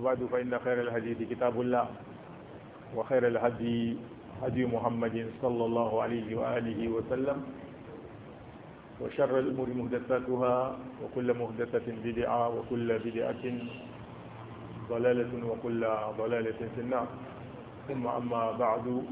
وبعد فإن خير الحديث كتاب الله وخير الهدي هدي محمد صلى الله عليه وآله وسلم وشر الأمور مهدثاتها وكل مهدثة بدعة وكل بدعة ضلالة وكل ضلالة في النار ثم أما بعد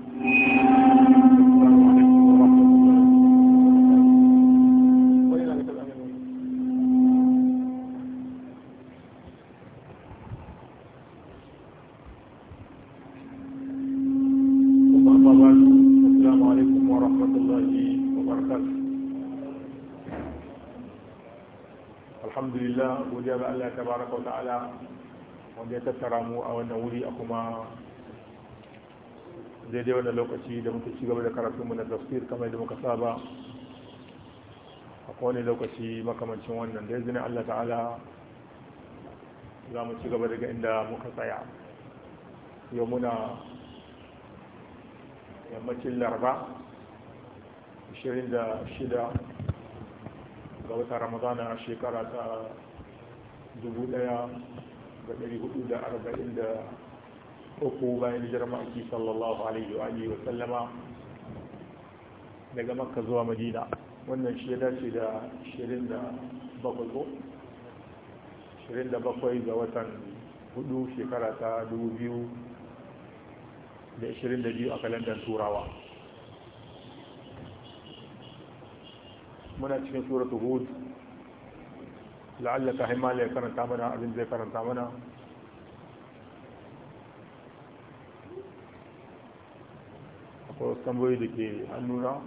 tabaraka wa ta'ala wanda ya tattara mu a wannan wuri a kuma daidai wannan lokaci da muka ci gaba da karatu mu na tafsir kamar da muka saba a kowane lokaci makamancin wannan da izinin Allah ta'ala za mu ci gaba daga inda muka tsaya yau muna yammacin larba 26 ga wata ramadana shekara ta 1443 bayan hijirar ma'aiki sallallahu alaihi wa alihi wa sallama daga makka zuwa madina wannan shi ya dace da 27 ga watan 4 shekara ta 2022 a kalandar turawa muna cikin suratu hud la'allaka himala ya karanta mana abin zai karanta mana akwai wasu tambayoyi da ke hannuna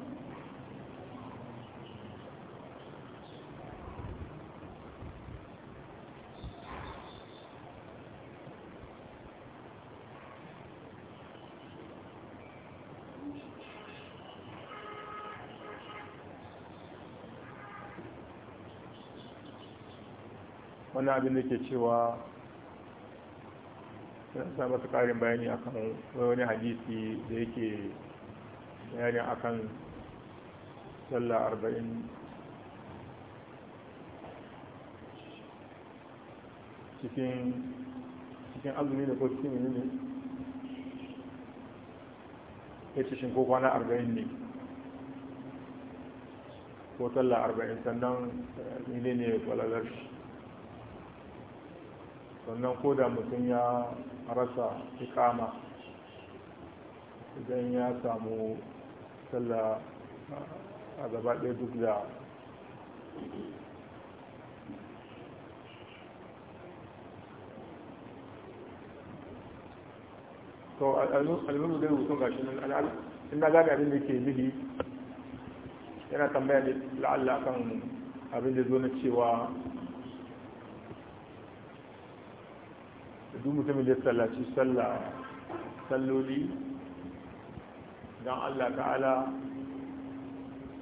wani abin da ke cewa suna sa masu karin bayani kan wani hadisi da yake bayani a kan tsalla arba'in cikin azumi da ko cikin ne ya ce shinko kwana arba'in ne ko tsalla arba'in sannan ne ne kwalalar shi sannan ko da mutum ya rasa ikama idan ya samu sallah a gaba ɗaya duk da to dai mutum ga shi nan ina gane abin da ke zihi yana tambaya da la'alla kan abin da zo na cewa duk mutumin da sallaci salloli don allah ta'ala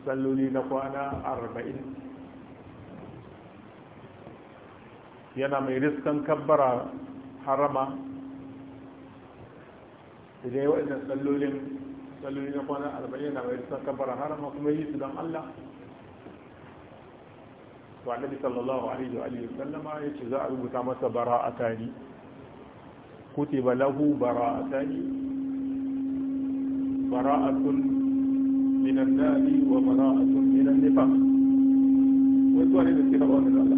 salloli na kwana arba'in yana mai riskan kabbara harama idan yi waɗannan sallolin salloli na kwana arba'in yana mai riskan kabbara harama kuma yi su don allah to annabi sallallahu alaihi wa alihi sallama yace za a rubuta masa a tari. كتب له براءتان براءة minan النار wa من النفاق nifaq wai zuwa الله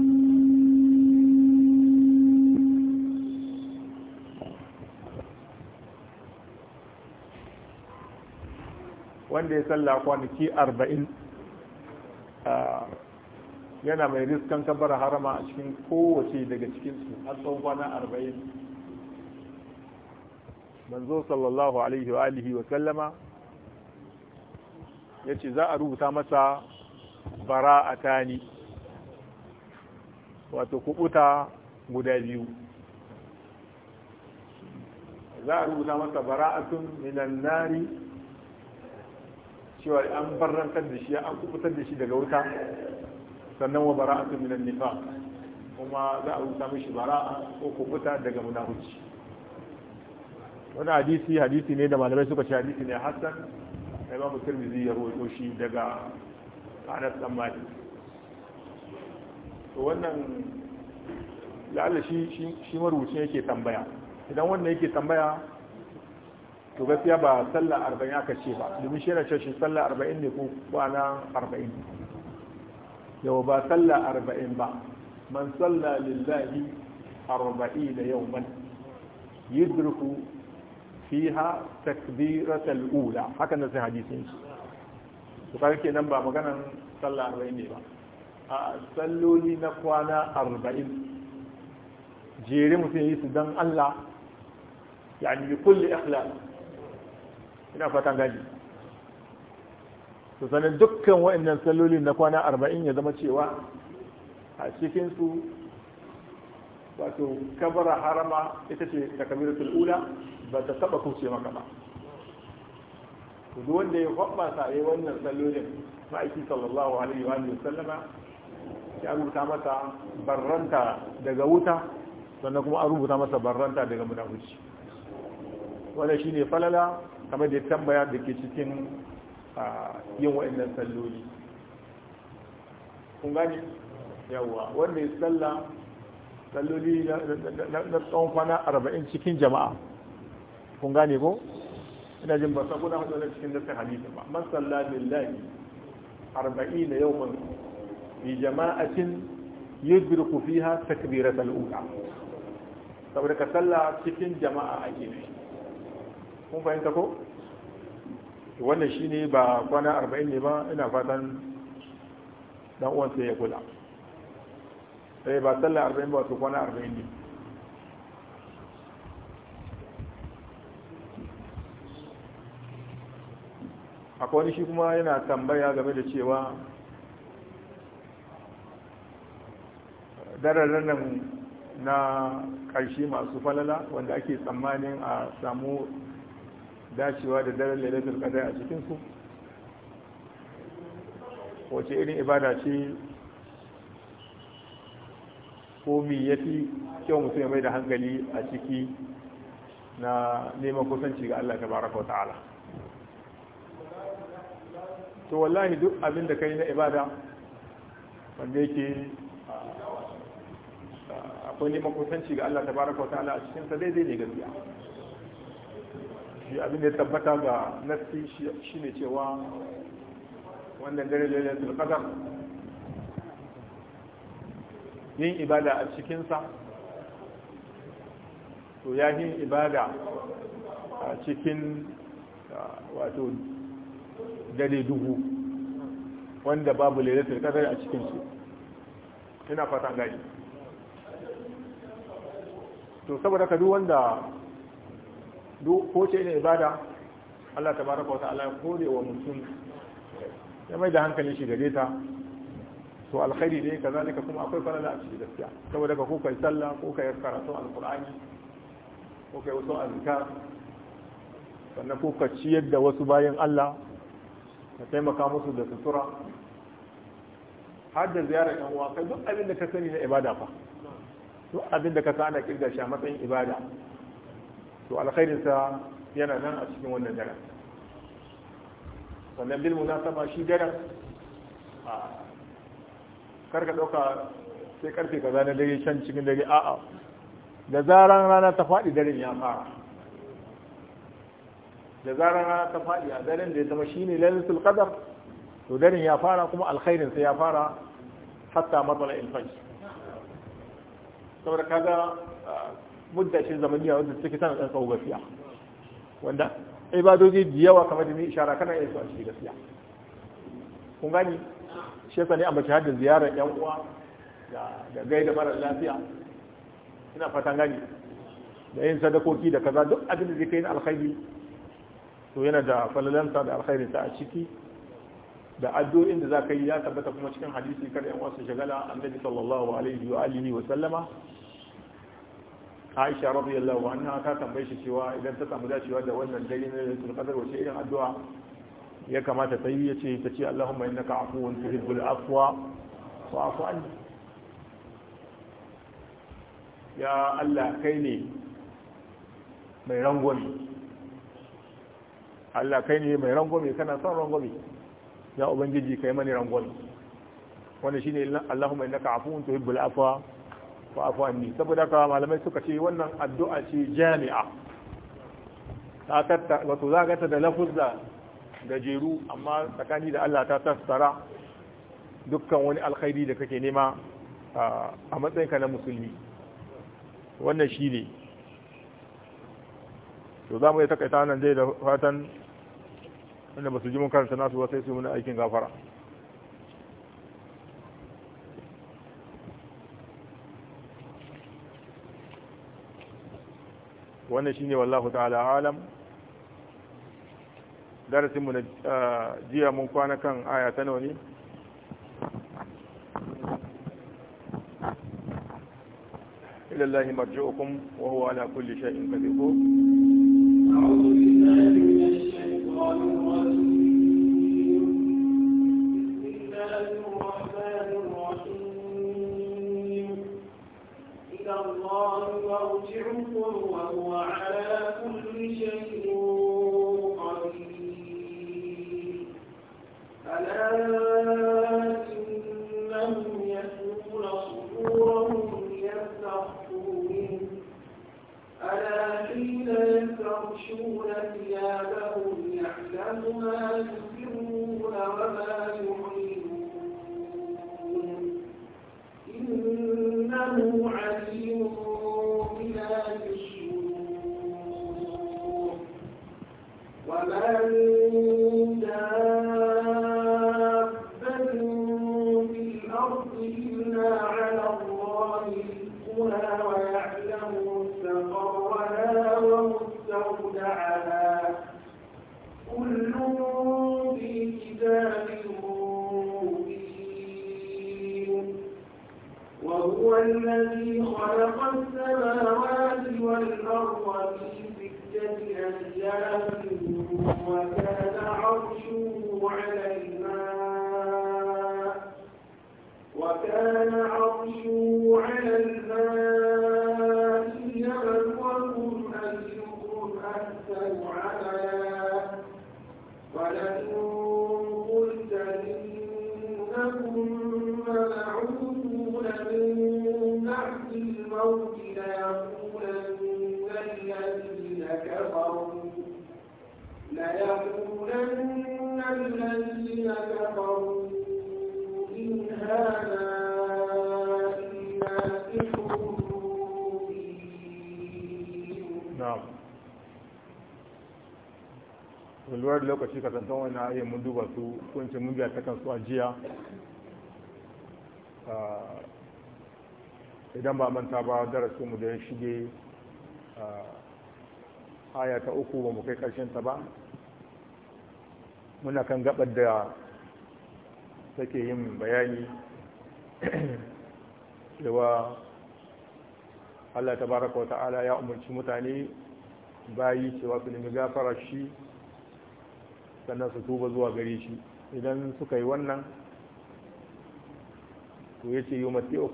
wanda ya salla kwanaki arba'in yana mai riskan kabar harama a cikin kowace daga cikinsu har tsawon kwana arba'in manzo sallallahu alaihi wa alihi wa sallama yace za a rubuta masa bara'atani wato kubuta guda biyu za a rubuta masa bara'atun minan nari cewa an barantar da shi an kubutar da shi daga wuta sannan wa bara'atun minan nifa kuma za a rubuta mishi bara'a ko kubuta daga munafuci wani hadisi hadisi ne da malamai suka ce hadisi ne hassan da imamu tirmidhi ya rawaito shi daga anas dan to wannan la'alla shi shi marubucin yake tambaya idan wannan yake tambaya to gaskiya ba sallah arba'in aka ce ba domin shi yana shi sallah arba'in ne ko kwana arba'in yau ba sallah arba'in ba man sallah lillahi arba'in da yau man yudriku fiha takbiratul ula haka da sai hadisin shi to ba maganan sallah 40 ne ba a salloli na kwana 40 jere mutum yi su dan Allah yani bi kulli ikhlas ina fatan gani to dukkan wa'annan salloli na kwana 40 ya zama cewa a cikin su wato kabara harama ita ce ta takabiratul ula ba ta taba kuce maka ba duk wanda ya faɓa sa yi wannan sallolin ma'aiki sallallahu alaihi wa sallama ya rubuta masa barranta daga wuta sannan kuma an rubuta masa barranta daga munafuci wannan shine falala kamar da ya tambaya da ke cikin yin wa'annan salloli kun gani yawa wanda ya salla salloli na tsawon kwana arba'in cikin jama'a kun gane ko ina jin ba saboda hudu na cikin dasar hadisi ba man salla billahi arba'ina yawman bi jama'atin yudriku fiha takbiratul ula saboda ka salla cikin jama'a a ne kun fahimta ko wannan shine ba kwana arba'in ne ba ina fatan dan uwan sai ya kula eh ba sallah arba'in ba su kwana arba'in ne akwai wani shi kuma yana tambaya game da cewa dararren nan na ƙarshe masu falala wanda ake tsammanin a samu dacewa da daren lalatar kadai a cikinsu wace irin ibada ce ko mi ya fi kyau mutum ya mai da hankali a ciki na neman kusanci ga Allah baraka wa ta'ala to wallahi duk abin da kai na ibada wanda yake akwai neman kusanci ga Allah baraka wa ta'ala a cikin sa daidai ne gaskiya shi abin da ya tabbata ga nassi shine cewa wannan dare lailatul qadar yin ibada a cikinsa to ya yin ibada a cikin wato dare dubu, wanda babu lalatar kadar a cikinsu ina fata gani to saboda ka duk wanda duk ko ce ne ibada Allah tabaraka wa ta'ala ya kore wa mutum ya mai da hankali shi gare ta to alkhairi ne kazalika kuma akwai falala a cikin gaskiya saboda ka ko kai sallah ko kai karatu alqur'ani ko kai wasu azkar sannan ko ka ciyar da wasu bayan Allah ka taimaka musu da sutura har da ziyarar yan uwa kai duk abin da ka sani na ibada fa duk abin da ka sa kirga shi a matsayin ibada to alkhairin sa yana nan a cikin wannan daren sannan bil munasaba shi daren karka ɗauka sai karfe ka zane dare can cikin dare a'a da zaran rana ta faɗi daren ya fara da zaran rana ta faɗi a daren da ya zama ne lailatul ƙadar, to daren ya fara kuma alkhairin sai ya fara hatta matsala ilfai saboda kaga mudda zamani zamaniya wanda suke tana ɗan tsawo gaskiya wanda ibadoji da yawa kamar da ni ishara kana yin su a cikin gaskiya kun gani shesa ne a mace hajji ziyarar yan uwa da gaida mara lafiya ina fatan gani da yin sadakoki da kaza duk abin da zai kai na alkhairi to yana da falalanta da ta a ciki da addu'o'in da za ka yi ya tabbata kuma cikin hadisi kar yan wasu shagala annabi sallallahu alaihi wa alihi wa sallama Aisha radiyallahu anha ta tambaye shi cewa idan ta samu dacewa da wannan dalilin na Lailatul Qadr wace irin addu'a ya kamata ta yi ya ce ta ce Allahumma innaka afuwun tuhibbul afwa wa afu anni ya Allah kai ne mai rangwame Allah kai ne mai rangwame kana son rangwame ya ubangiji kai mani rangwame wanda shine Allahumma innaka afuwun tuhibbul afwa wa afu anni saboda ka malamai suka ce wannan addu'a ce jami'a ta tattara wato za ka ta da lafuzza gajeru amma tsakani da Allah ta tassara dukkan wani alkhairi da kake nema a matsayinka na musulmi wannan shi ne to za mu yi takaita nan dai da fatan wanda ba su ji mun karanta nasu ba sai su muna aikin gafara wannan shi ne wallahu ta'ala alam mu na ah, jiya mun kwana kan aya ta nawa ne ilallahi marji'ukum wa huwa ala kulli shay'in qadir ليقولن lokaci kasantar wani na ayyar mun duba su kunce mun biya ta kansu su jiya idan ba manta ba darasu mu da ya shige a ta uku ba mu kai karshen ta ba muna kan gabar da take yin bayani cewa Allah tabaraka wa ta'ala ya umarci mutane bayi cewa su nemi gafarar shi sannan su tuba zuwa gare shi idan suka yi wannan to ya ce yi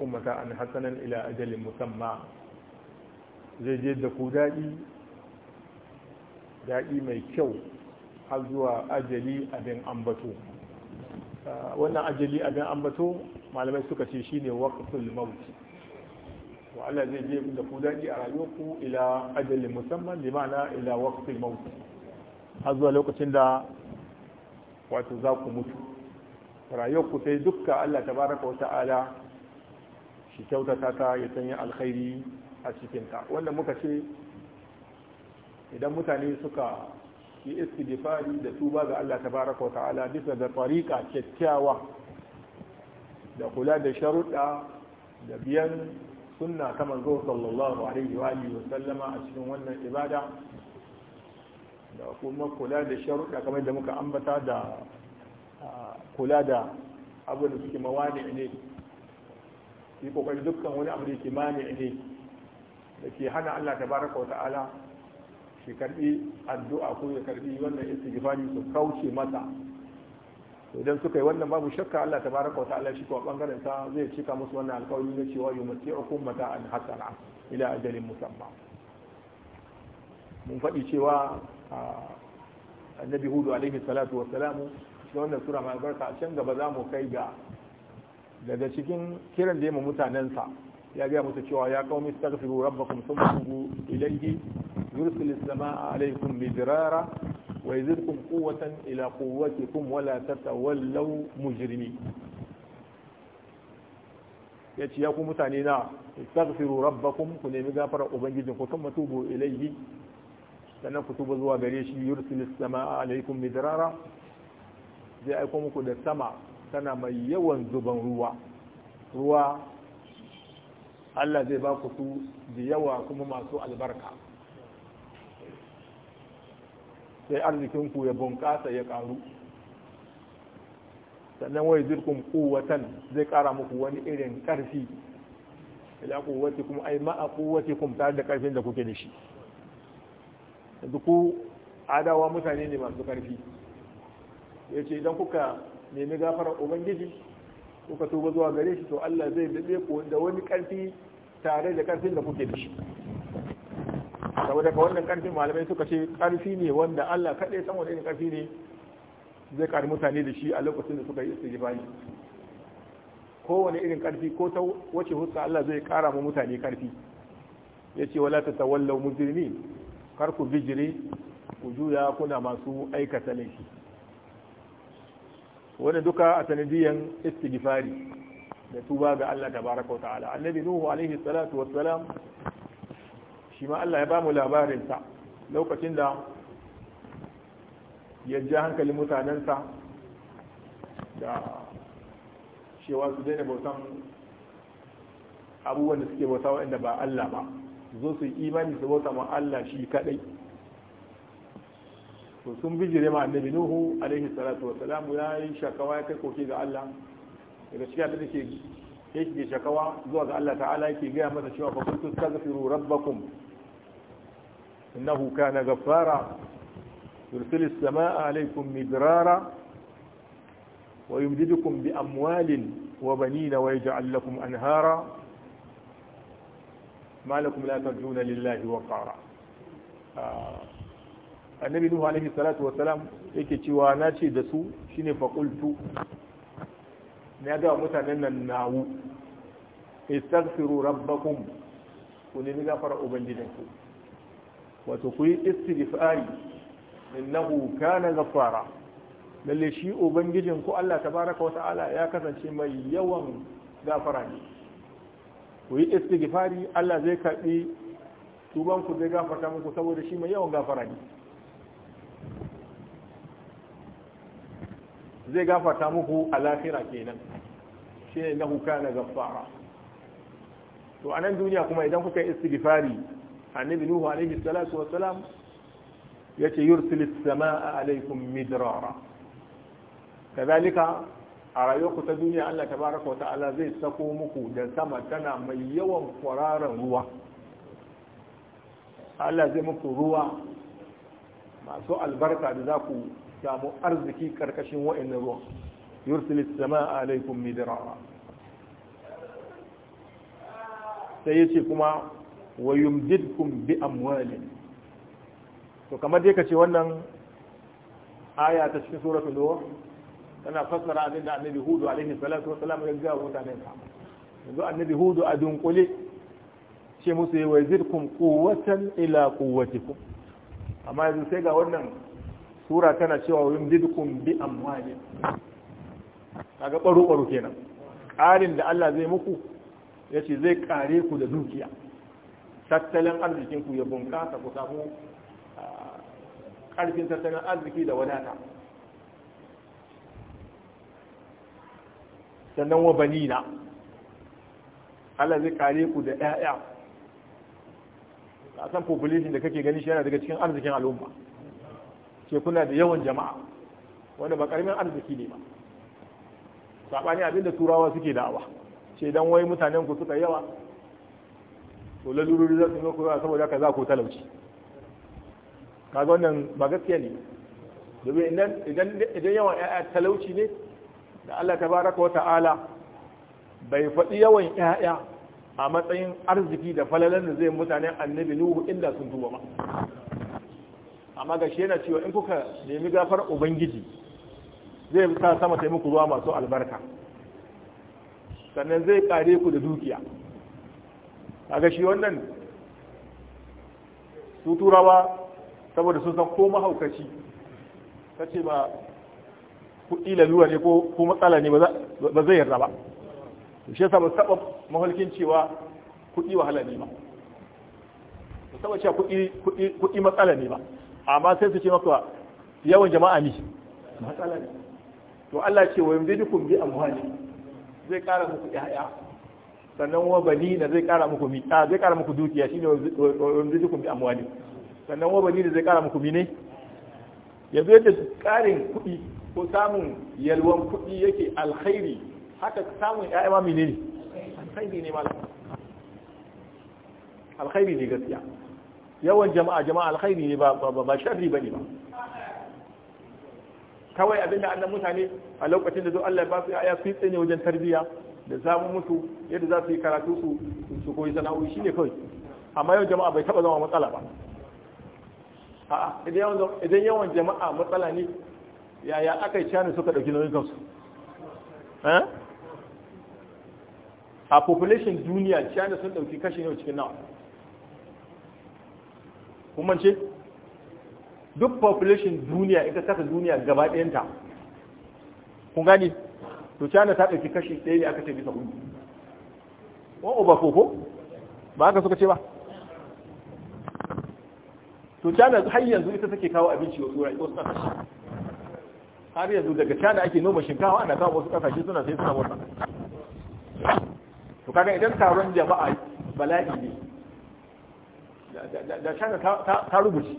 mata an hasanan ila ajalin musamman zai je da ku daɗi daɗi mai kyau har zuwa ajali abin ambato wannan ajali abin ambato malamai suka ce shine waqtul maut wa Allah zai je da ku daɗi a rayuwarku ila ajali musamman limana ma'ana ila waqtul maut har zuwa lokacin da wato za ku mutu rayuwarku sai dukka Allah ta baraka wa ta'ala shi kyautata ta ya sanya alkhairi a cikinta wannan muka ce idan mutane suka ki istighfari da tuba ga Allah ta baraka wa ta'ala bisa ga tariqa kyakkyawa da kula da sharuɗa da biyan sunna ta manzo sallallahu alaihi wa alihi wa sallama a cikin wannan ibada da kuma kula da sharuɗa kamar da muka ambata da kula da abu da suke mawani ne yi kokari dukkan wani abu da ke mani ne da ke hana Allah ta baraka wa ta'ala ya karbi addu'a ko ya karbi wannan istighfari su kauce mata idan suka yi wannan babu shakka Allah tabaraka wa ta'ala shi ko bangaren sa zai cika musu wannan alƙawari na cewa mata mata'an hasana ila ajalin musamma mun faɗi cewa annabi hudu alaihi salatu wa salamu shi wannan sura mai albarka a can gaba za mu kai ga daga cikin kiran da ya mutanensa ya gaya musu cewa ya kawo mistaghfiru rabbakum thumma tubu ilayhi يرسل السماء عليكم مدرارا ويزدكم قوة إلى قوتكم ولا تتولوا مجرمين ya ce ya ku mutane na istaghfiru ku nemi gafara ubangijin ku kuma tubu ilayhi sannan ku tuba zuwa gare shi yursilis samaa alaikum midrara zai aiko muku da sama tana mai yawan zuban ruwa ruwa Allah zai ba su da yawa kuma masu albarka sai arzikinku ya bunƙasa ya ƙaru sannan wai zirkun kuwatan zai ƙara muku wani irin ƙarfi ila kuwati kuma ai ma'a kuwati kuma tare da ƙarfin da kuke da shi yanzu ku adawa mutane ne masu ƙarfi ya ce idan kuka nemi gafarar ubangiji kuka tuba zuwa gare shi to allah zai daɗe ku da wani ƙarfi tare da ƙarfin da kuke da shi saboda ka wannan karfin malamai suka ce karfi ne wanda Allah kaɗai san wani karfi ne zai kari mutane da shi a lokacin da suka yi istighfari kowane irin karfi ko ta wace huska Allah zai kara ma mutane karfi yace wala tawallau mujrimin kar ku bijire ku juya kuna masu aikata laifi wani duka a sanadiyan istighfari da tuba ga Allah tabaraka wa ta'ala annabi nuhu alaihi salatu wassalam shi ma Allah ya ba mu labarinsa lokacin da ya ja hankalin mutanensa da cewa su daina bautan abubuwan da suke bauta waɗanda ba Allah ba zo su imani su bauta ma Allah shi kadai to sun bijire ma annabi Nuhu alaihi salatu wa salam ya yi shakawa ya kai koke ga Allah daga cikin abin da ke shakawa zuwa ga Allah ta'ala yake gaya masa cewa fa kuntu tazfiru rabbakum إنه كان غفارا يرسل السماء عليكم مدرارا ويمددكم بأموال وبنين ويجعل لكم أنهارا ما لكم لا ترجون لله وقارا آه، النبي نوح عليه الصلاة والسلام إيكي تيواناتي دسو شيني فقلت نادى متنن النعو استغفروا ربكم ونبي غفر أبنجدكم wato ku yi istighfari innahu kana ghaffara lalle shi ubangijin ku Allah tabaraka wa ta'ala ya kasance mai yawan gafara ne ku yi istighfari Allah zai karbi tuban ku zai gafarta muku saboda shi mai yawan gafara ne zai gafarta muku a lafira kenan shi ne na huka na gafara to a nan duniya kuma idan kuka yi istighfari عن عليه الصلاة والسلام يتي يرسل السماء عليكم مدرارا كذلك على يوقت الدنيا الله تبارك وتعالى زي سقومك دسما تنا ميوا فرارا روا الله زي مك روا ما سوء البركة لذاكو كامو أرزكي كركش وإن روا يرسل السماء عليكم مدرارا سيأتي كما wa yumdidkum bi amwalin to kamar dai kace wannan aya ta cikin suratul lu tana fassara abin da annabi hudu alaihi salatu wasalam ya ga mutane sa yanzu annabi hudu a dunkule ce musu wa wazirkum quwwatan ila quwwatikum amma yanzu sai ga wannan sura tana cewa yumdidkum bi amwalin kaga baro baro kenan ƙarin da Allah zai muku yace zai kare ku da dukiya tattalin arzikinku ya bunkasa ku samu ƙarfin tattalin arziki da wadata sannan wa banina Allah zai kare ku da ƴaƴa a san population da kake gani shi yana daga cikin arzikin al'umma ke kuna da yawan jama'a wanda ba karamin arziki ne ba Saɓani abinda turawa suke da'awa ce dan wai mutanen ku suka yawa to lalurori za su yi a saboda haka za ku talauci ga wannan ba gaskiya ne domin idan yawan 'ya'ya talauci ne da Allah Ta baraka wa ta'ala bai faɗi yawan 'ya'ya a matsayin arziki da falalan da zai mutane annabi nuhu inda sun tuba ba amma ga shi yana cewa in kuka nemi gafar ubangiji zai sa sama taimako ruwa masu albarka sannan zai kare ku da dukiya kaga shi wannan su turawa saboda sun san ko mahaukaci ta ce ba kuɗi laluwa ne ko matsala ne ba zai yarda ba shi yasa ba saba mahaukin cewa kuɗi wahala ne ba ba saba cewa kuɗi matsala ne ba amma sai su ce maka yawan jama'a ne matsala ne to Allah ce wa yanzu dukkan bi amwali zai ƙara muku ƴaƴa sannan wa bani da zai kara muku mi a ah, zai kara muku dukiya shine wanzukum bi amwali sannan wa bani da zai kara muku mi ne yanzu da karin kuɗi ko samun yalwan kuɗi yake alkhairi haka samun ƴaƴa ma menene alkhairi ne malam alkhairi ne gaskiya yawan jama'a jama'a alkhairi ne ba ba ba sharri bane ba kawai abinda annan mutane a lokacin da zo Allah ya ba su ƴaƴa su tsene wajen tarbiyya da zamu musu yadda za su yi karatu su su koyi sana'o'i shine kawai amma yau jama'a bai taba zama matsala ba a'a idan yawan idan yawan jama'a matsala ne yaya aka yi cani suka dauki nauyin kansu eh? a population duniya china sun dauki kashi ne cikin nawa kuma ce duk population duniya ita ta duniya gaba ɗayanta kun gani to cana ta ɗauki kashi ɗaya ne aka ce bisa ko uba ba ko ba aka suka ce ba to cana har yanzu ita take kawo abinci wa turai wasu ƙasashe har yanzu daga cana ake noma shinkawa ana kawo wasu ƙasashe suna sai suna wata to kaga idan taron jama'a bala'i ne da cana ta rubuce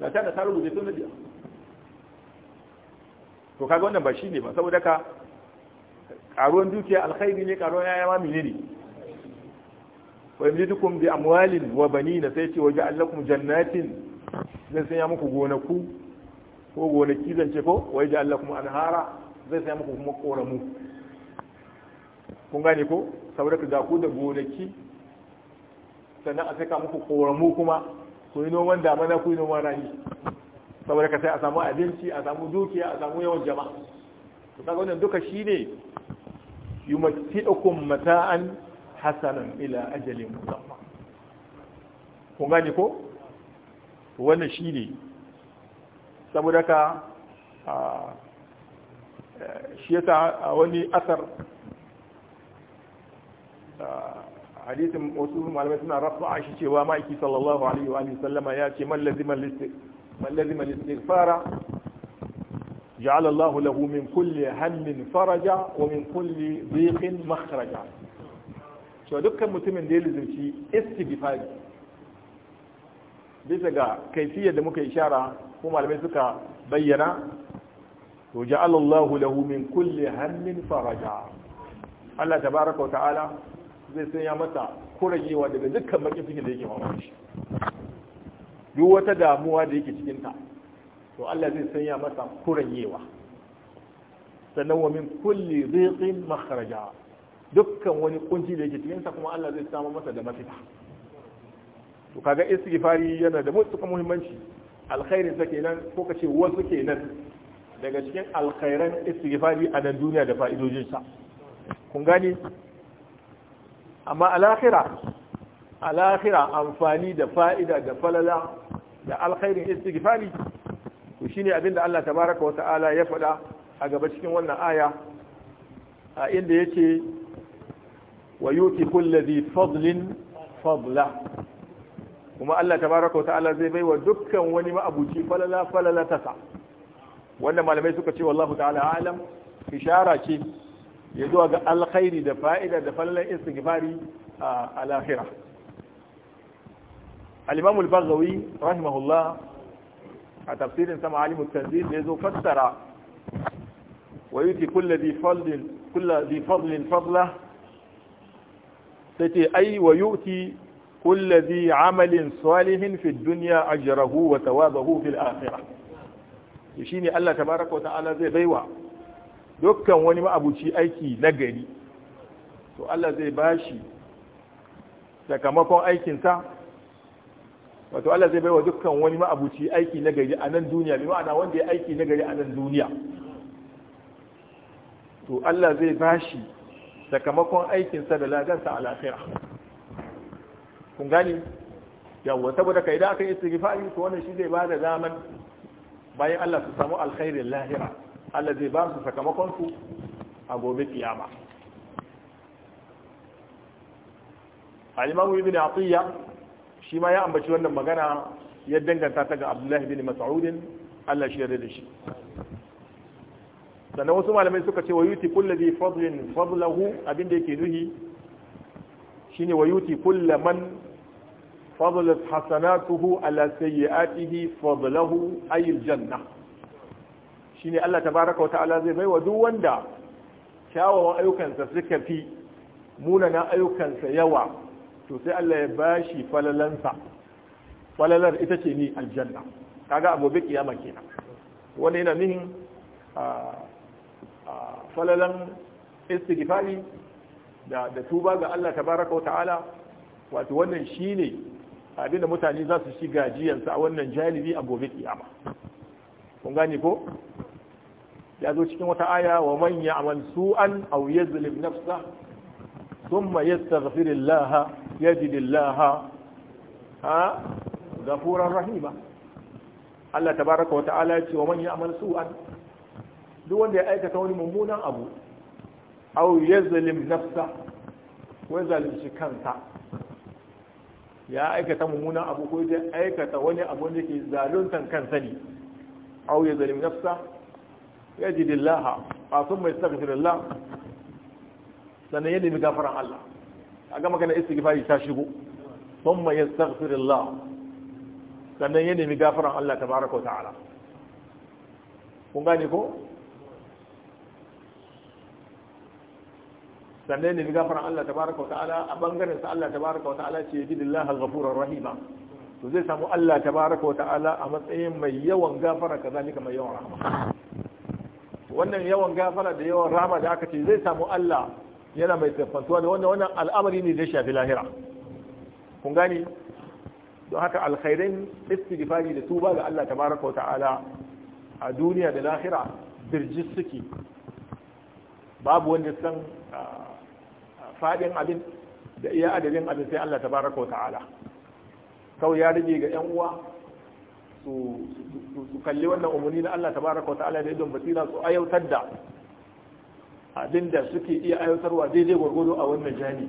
da cana ta rubuce sun da to kaga wannan ba shi ne ba saboda ka karuwan dukiya alkhairi ne karuwan yaya ma menene wa yamdidukum bi amwalin wa banina sai ce waje allakum jannatin zai sanya muku gonaku ko gonaki zan ce ko waje allakum anhara zai sanya muku kuma koramu kun gane ko saboda ka ga ku da gonaki sannan a saka muku koramu kuma ku yi noman damana ku yi noman rani saboda ka sai a samu abinci a samu dukiya a samu yawan jama'a to kaga wannan duka shine yumatti'ukum mata'an hasanan ila ajalin musamma Ku gane ko wannan shine saboda ka shi yasa wani asar hadisin wasu malamai suna rafa shi cewa ma'aiki sallallahu alaihi wa sallama ya ce man mallazi fara. جعل lahu min من كل هم فرجا ومن كل ضيق مخرجا to dukkan mutumin da ya lizinci istighfari bisa ga kaifiyar da muka ishara ko malamai suka bayyana to ja'ala lahu min kulli hammin faraja Allah tabaaraka wa ta'ala zai sanya masa kuragewa daga dukkan bakin cikin da yake mamaci duk wata damuwa da yake cikin ta to Allah zai sanya masa kuranyewa sannan wa min kulli dhiqin makhraja dukkan wani kunci da yake cikin kuma Allah zai samu masa da mafita to kaga istighfari yana da mutuka muhimmanci alkhairin sa kenan ko kace wasu kenan daga cikin alkhairan istighfari a nan duniya da fa'idojin sa kun gane amma alakhira alakhira amfani da fa'ida da falala da alkhairin istighfari shi ne abin da Allah tabaraka wa ta'ala ya faɗa a gaba cikin wannan aya a inda yace wa yuti kulli fadlin fadla kuma Allah tabaraka wa ta'ala zai baiwa dukkan wani ma'abuci falala falala tasa wanda malamai suka ce wallahu ta'ala alam ishara ce ya zuwa ga alkhairi da fa'ida da falalar istighfari a al'ahira. alimamul al-imam al rahimahullah a tafsirin sama alimu tanzil da yazo fassara wa yuti kullu dhi fadlin kullu dhi fadlin ai wa yuti kullu dhi amalin salihin fi dunya ajrahu wa thawabahu fil akhirah shine Allah tabaaraka wa ta'ala zai baiwa dukkan wani ma'abuci aiki nagari to Allah zai bashi sakamakon aikinsa wato Allah zai wa dukkan wani ma'abuci aiki na gari a nan duniya bi ma'ana wanda ya aiki na gari a nan duniya to Allah zai bashi sakamakon aikinsa da lagansa a lafiya kun gani yawwa saboda kai da aka yi istighfari to wannan shi zai ba da zaman bayan Allah su samu alkhairin lahira Allah zai ba su sakamakon su a gobe kiyama al imam ibn Atiyya shi ma ya ambaci wannan magana ya danganta ta ga abdullahi bin mas'udin Allah shi yarda da shi sannan wasu malamai suka ce wayuti yuti kulli fadlin fadlahu abinda yake nuhi shine wa yuti man fadlat hasanatuhu ala sayyi'atihi fadlahu ay janna shine Allah tabaaraka wa ta'ala zai bai wa duk wanda kyawawan ayyukansa suka fi munana ayyukansa yawa to sai Allah ya ba shi falalansa falalar ita ce ni aljanna kaga abubuwa kiyama kenan Wani yana nihin falalan istighfari da da tuba ga Allah tabaraka wa ta'ala wato wannan shine abinda mutane za su shiga jiyansa a wannan jalibi a gobe kiyama kun gane ko ya zo cikin wata aya wa man ya'mal su'an aw yazlim nafsa thumma yastaghfirillaha yajidillaha ha gafuran rahima Allah tabaraka wa ta'ala ya ce wa man ya'mal su'an duk wanda ya aikata wani mummunan abu aw nafsa ko zalunci kansa ya aikata mummunan abu ko ya aikata wani abu wanda ke zaluntan kansa ne aw yazlim nafsa yajidillah fa sannan ya nemi gafaran Allah a gama kana istighfari ta shigo thumma yastaghfirullah sannan ya nemi gafaran Allah tabaraka wa ta'ala kun gane ko sannan ya nemi gafaran Allah tabaraka wa ta'ala a bangaren sa Allah tabaraka wa ta'ala ce yajidillah al-ghafurur rahima to zai samu Allah tabaraka wa ta'ala a matsayin mai yawan gafara kazalika mai yawan rahama wannan yawan gafara da yawan rahama da aka ce zai samu Allah yana mai tafantuwa da wannan wannan al'amari ne da shafi lahira kun gani don haka alkhairin istighfari da tuba ga Allah tabaraka wa ta'ala a duniya da lahira birjis suke babu wanda san fadin abin da iya adadin abin sai Allah tabaraka wa ta'ala kawai ya rage ga yan uwa su kalli wannan umarni na Allah tabaraka wa ta'ala da idon basira su ayautar da abinda suke iya aiwatarwa daidai gwargwado a wannan jami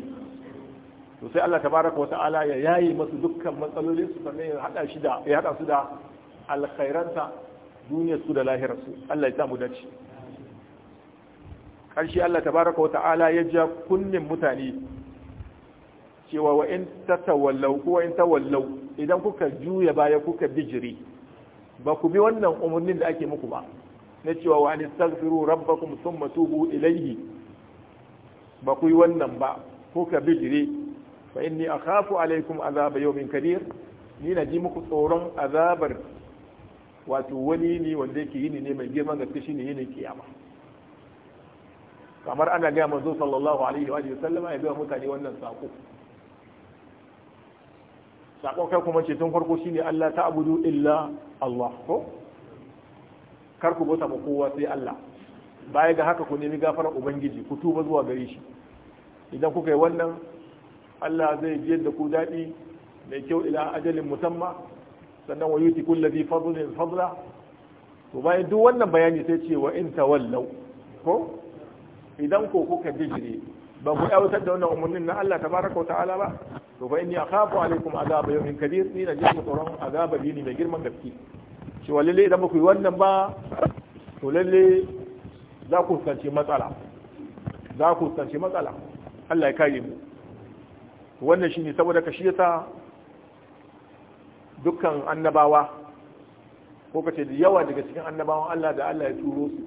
to sai Allah tabaraka wa ta'ala ya yayi masu dukkan matsaloli su sannan ya hada shi da ya hada su da alkhairanta duniya su da lahirarsu. Allah ya samu dace karshe Allah tabaraka wa ta'ala ya ja kunnin mutane cewa wa in tatawallau ko in tawallau idan kuka juya baya kuka bijiri ba ku bi wannan umarnin da ake muku ba na cewa wa anistaghfiru rabbakum thumma tubu ilayhi ba ku yi wannan ba ko ka bijire fa inni akhafu alaikum azaba yawmin kadir ni na ji muku tsoron azabar wato wani ne wanda yake yini ne mai girman gaske shine yini kiyama kamar ana ga manzo sallallahu alaihi wa sallama ya ga mutane wannan sako sako kai kuma ce tun farko shine Allah ta abudu illa Allah ko kar ku bauta kowa sai Allah baya ga haka ku nemi gafarar ubangiji ku tuba zuwa gare shi idan kuka yi wannan Allah zai jiyar da ku daɗi mai kyau ila ajalin musamma sannan wa yuti kullazi fadlin fadla to bayan duk wannan bayani sai ce wa in tawallau ko idan ko kuka jijire ba ku aiwatar da wannan umarnin na Allah tabaraka wa ta'ala ba to fa inni akhafu alaikum azaba yawmin kabir ni na jin tsoron azaba dini mai girman gaske cewa lalle idan muku yi wannan ba to lalle za ku fuskanci matsala za ku fuskanci matsala Allah ya kare mu wannan shi ne saboda ka shiyata dukkan annabawa ko ka ce da yawa daga cikin annabawan Allah da Allah ya turo su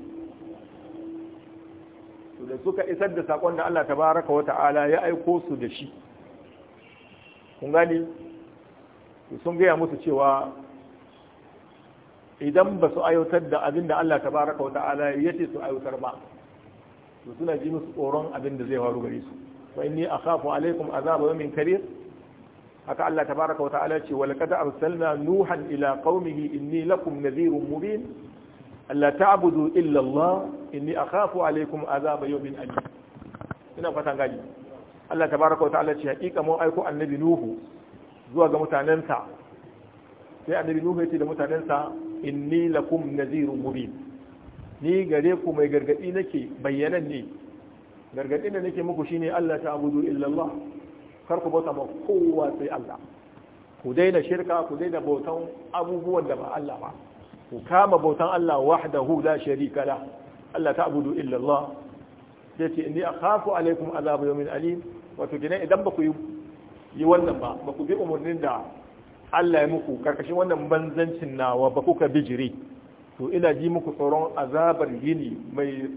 to da suka isar da sakon da Allah ta baraka wa ta'ala ya aiko su da shi kun gani sun gaya musu cewa idan ba su aiwatar da abin da Allah ta baraka wa ta'ala ya ce su aiwatar ba to suna ji musu tsoron abin da zai faru gare su Ba inni akhafu alaikum azaba yawmin karir haka Allah ta baraka wa ta'ala ce wa laqad arsalna nuhan ila qaumihi inni lakum nadhirun mubin alla ta'budu illa Allah inni akhafu alaikum azaba yawmin alim ina fatan gaji Allah tabaraka wa ta'ala ce hakika mu aiko annabi nuhu zuwa ga mutanensa sai annabi nuhu ya ce da mutanensa inni lakum nadhirun mubin ni gare ku mai gargadi nake bayyanan ne gargadin da nake muku shine Allah ta abudu illallah kar ku bauta ma kowa sai Allah ku daina shirka ku daina bautan abubuwan da ba Allah ba ku kama bautan Allah wahdahu la sharika la Allah ta abudu illallah yace inni akhafu alaikum azab yawmin alim wato gina idan ba ku yi wannan ba ba ku bi umurnin da Allah ya muku karkashin wannan banzancin nawa ba kuka bijiri to ina ji muku tsoron azabar gini mai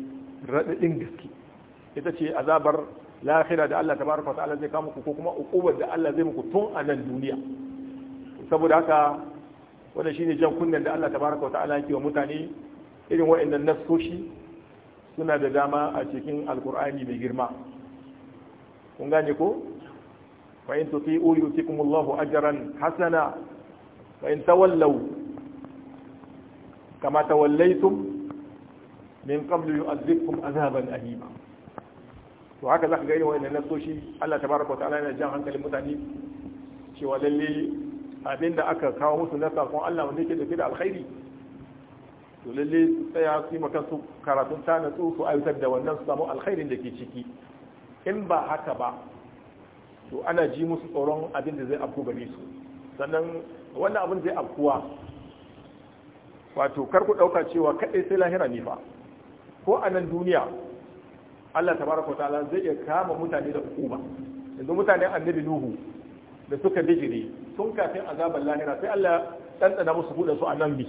raɗaɗin gaske ita ce azabar lahira da Allah tabaraka ta'ala zai kama ku ko kuma ukubar da Allah zai muku tun a nan duniya saboda haka wannan shine jan kunnan da Allah tabaraka ta'ala yake wa mutane irin wa'annan nasoshi suna da dama a cikin alkur'ani mai girma kun gane ko wa in tuti'u yutikumullahu ajran hasana wa in tawallaw kama tawallaytum min qablu yu'adhibkum adhaban alima to haka zaka ga irin wannan nasoshi Allah tabaraka wa ta'ala yana jan hankalin mutane cewa lalle abinda aka kawo musu na sakon Allah wanda yake dauke da alkhairi to lalle su tsaya su karatun ta natsu su aiwatar da wannan su samu alkhairin da ke ciki in ba haka ba to ana ji musu tsoron abin da zai abu gare su sannan wannan abin zai afkuwa wato kar ku dauka cewa kadai sai lahira ne fa ko a nan duniya Allah tabaraka ta'ala zai iya kama mutane da hukuma yanzu mutanen annabi nuhu da suka bijire sun kafin azaban lahira sai Allah ɗanɗana musu buɗe su a nan bi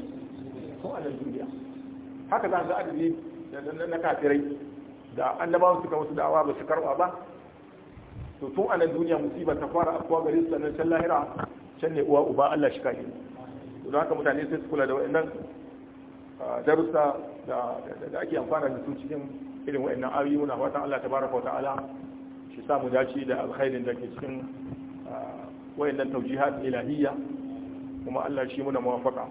Ko a nan duniya haka za ga da nan na kafirai da annabawa suka musu da'awa ba su karɓa ba to tun ana duniya musiba ta fara afkuwa gare su sannan can lahira can ne uwa uba Allah shi kage to don haka mutane sai su kula da wayannan darussa da ake amfana da su cikin irin wayannan ayoyi na fatan Allah tabaraka wa ta'ala shi sa mu dace da alkhairin da ke cikin wayannan taujihat ilahiyya kuma Allah shi muna muwafaka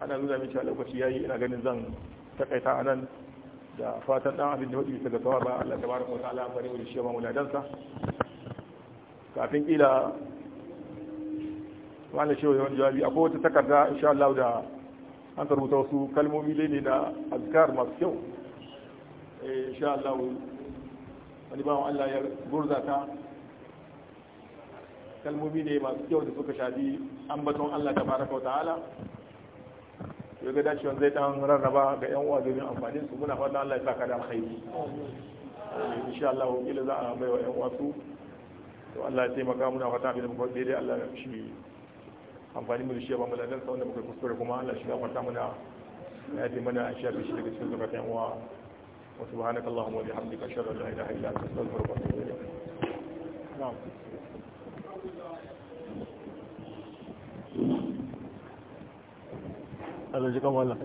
ana nuna min cewa lokaci yi ina ganin zan takaita anan da fatan dan abin da hudu bisa ga tawaba Allah tabaraka wa ta'ala bari mu shi ba muladansa kafin kila wani shi wani jawabi akwai wata takarda insha Allah da an karbuta wasu kalmomi dai ne na azkar masu kyau eh, insha Allah wani bawan Allah ya gurza ta kalmomi ne masu kyau da suka shafi ambaton Allah ta baraka wa ta'ala to ga dacewa zai dan rarraba ga yan uwa domin amfanin su muna fatan Allah ya saka da alkhairi insha Allah kila za a bai wa yan uwa su to Allah ya taimaka muna da dai Allah ya shi amfani mu shi ba mu ladan sa wanda muka kuskure kuma Allah shi ya kwanta muna ya yi mana a shafi shi daga cikin zakatan uwa wa subhanakallahumma wa bihamdika ashhadu an la ilaha illa anta astaghfiruka wa atubu na'am Allah ji kan wallan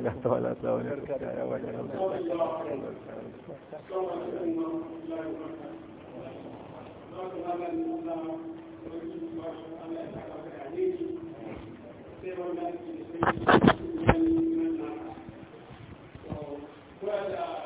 ga ta wala ta wani Thank you.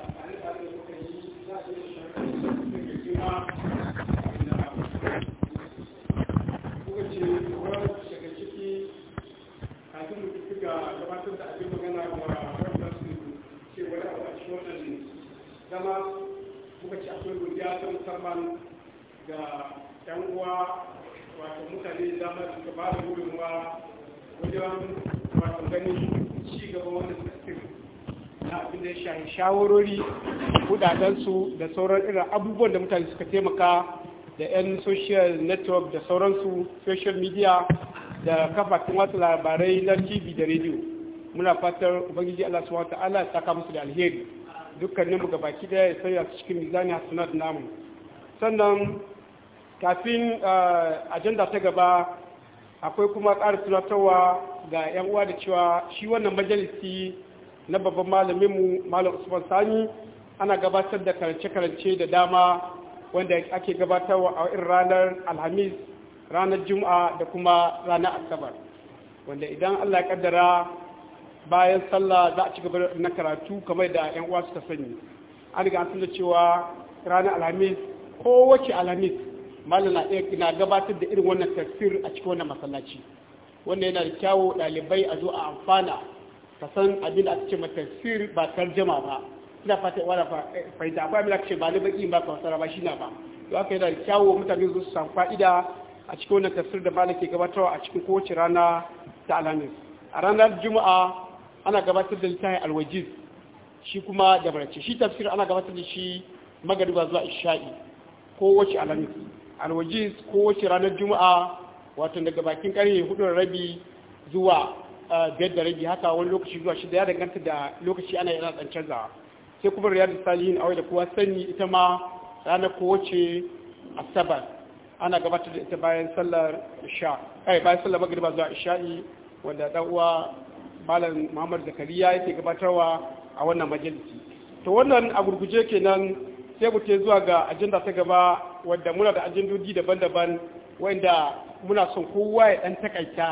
zama muka ci akwai godiya ta musamman ga yan uwa wato mutane dama da suka ba da wa wajen wato ganin ci gaba wanda suka na abin da ya shahi shawarori kudadensu da sauran irin abubuwan da mutane suka taimaka da 'yan social network da sauransu social media da kafafen wasu labarai na tv da rediyo muna fatar ubangiji allah subhanahu wa ta'ala ya saka musu da alheri dukkaninmu ga baki daya ya sanya su cikin mizani hasanat namu sannan kafin eh, ajanda ta gaba akwai kuma ƙara tunatarwa ga 'yan uwa da cewa shi wannan majalisi na babban malaminmu malam usman sani ana gabatar da karance-karance da dama wanda ake gabatarwa a irin ranar alhamis ranar juma'a da kuma ranar asabar wanda idan allah ya kaddara bayan sallah za a ci gaba na karatu kamar da yan uwa suka sani an tun an cewa ranar alhamis wace alhamis malam na gabatar da irin wannan tafsir a cikin wannan masallaci wannan yana da kyawo ɗalibai a zo a amfana ka san abin da ake ce tafsir ba tarjama ba ina fata wala fa'ida akwai abin da ce ba ni baki ba ka wasara ba shi na ba to haka yana da kyawo mutane su samu fa'ida a cikin wannan tafsir da malam ke gabatarwa a cikin kowace rana ta alhamis a ranar juma'a ana gabatar da littafin alwajiz shi kuma da barci shi tafsir ana gabatar da shi magariba zuwa isha'i ko wace alamis alwajiz ko wace ranar juma'a wato daga bakin karye hudu rabi zuwa eh, biyar da rabi haka wani lokaci zuwa da ya danganta da lokaci ana yana dan canza sai kuma riyadu salihin a da kowa sani ita ma ranar ko wace asabar ana gabatar da ita bayan sallar isha eh, bayan sallar magariba zuwa isha'i wanda dan uwa malam muhammad zakariya yake gabatarwa a wannan majalisi to wannan a gurguje kenan sai ku ce zuwa ga ajinda ta gaba wadda muna da ajandoji daban-daban wanda muna son kowa ya dan takaita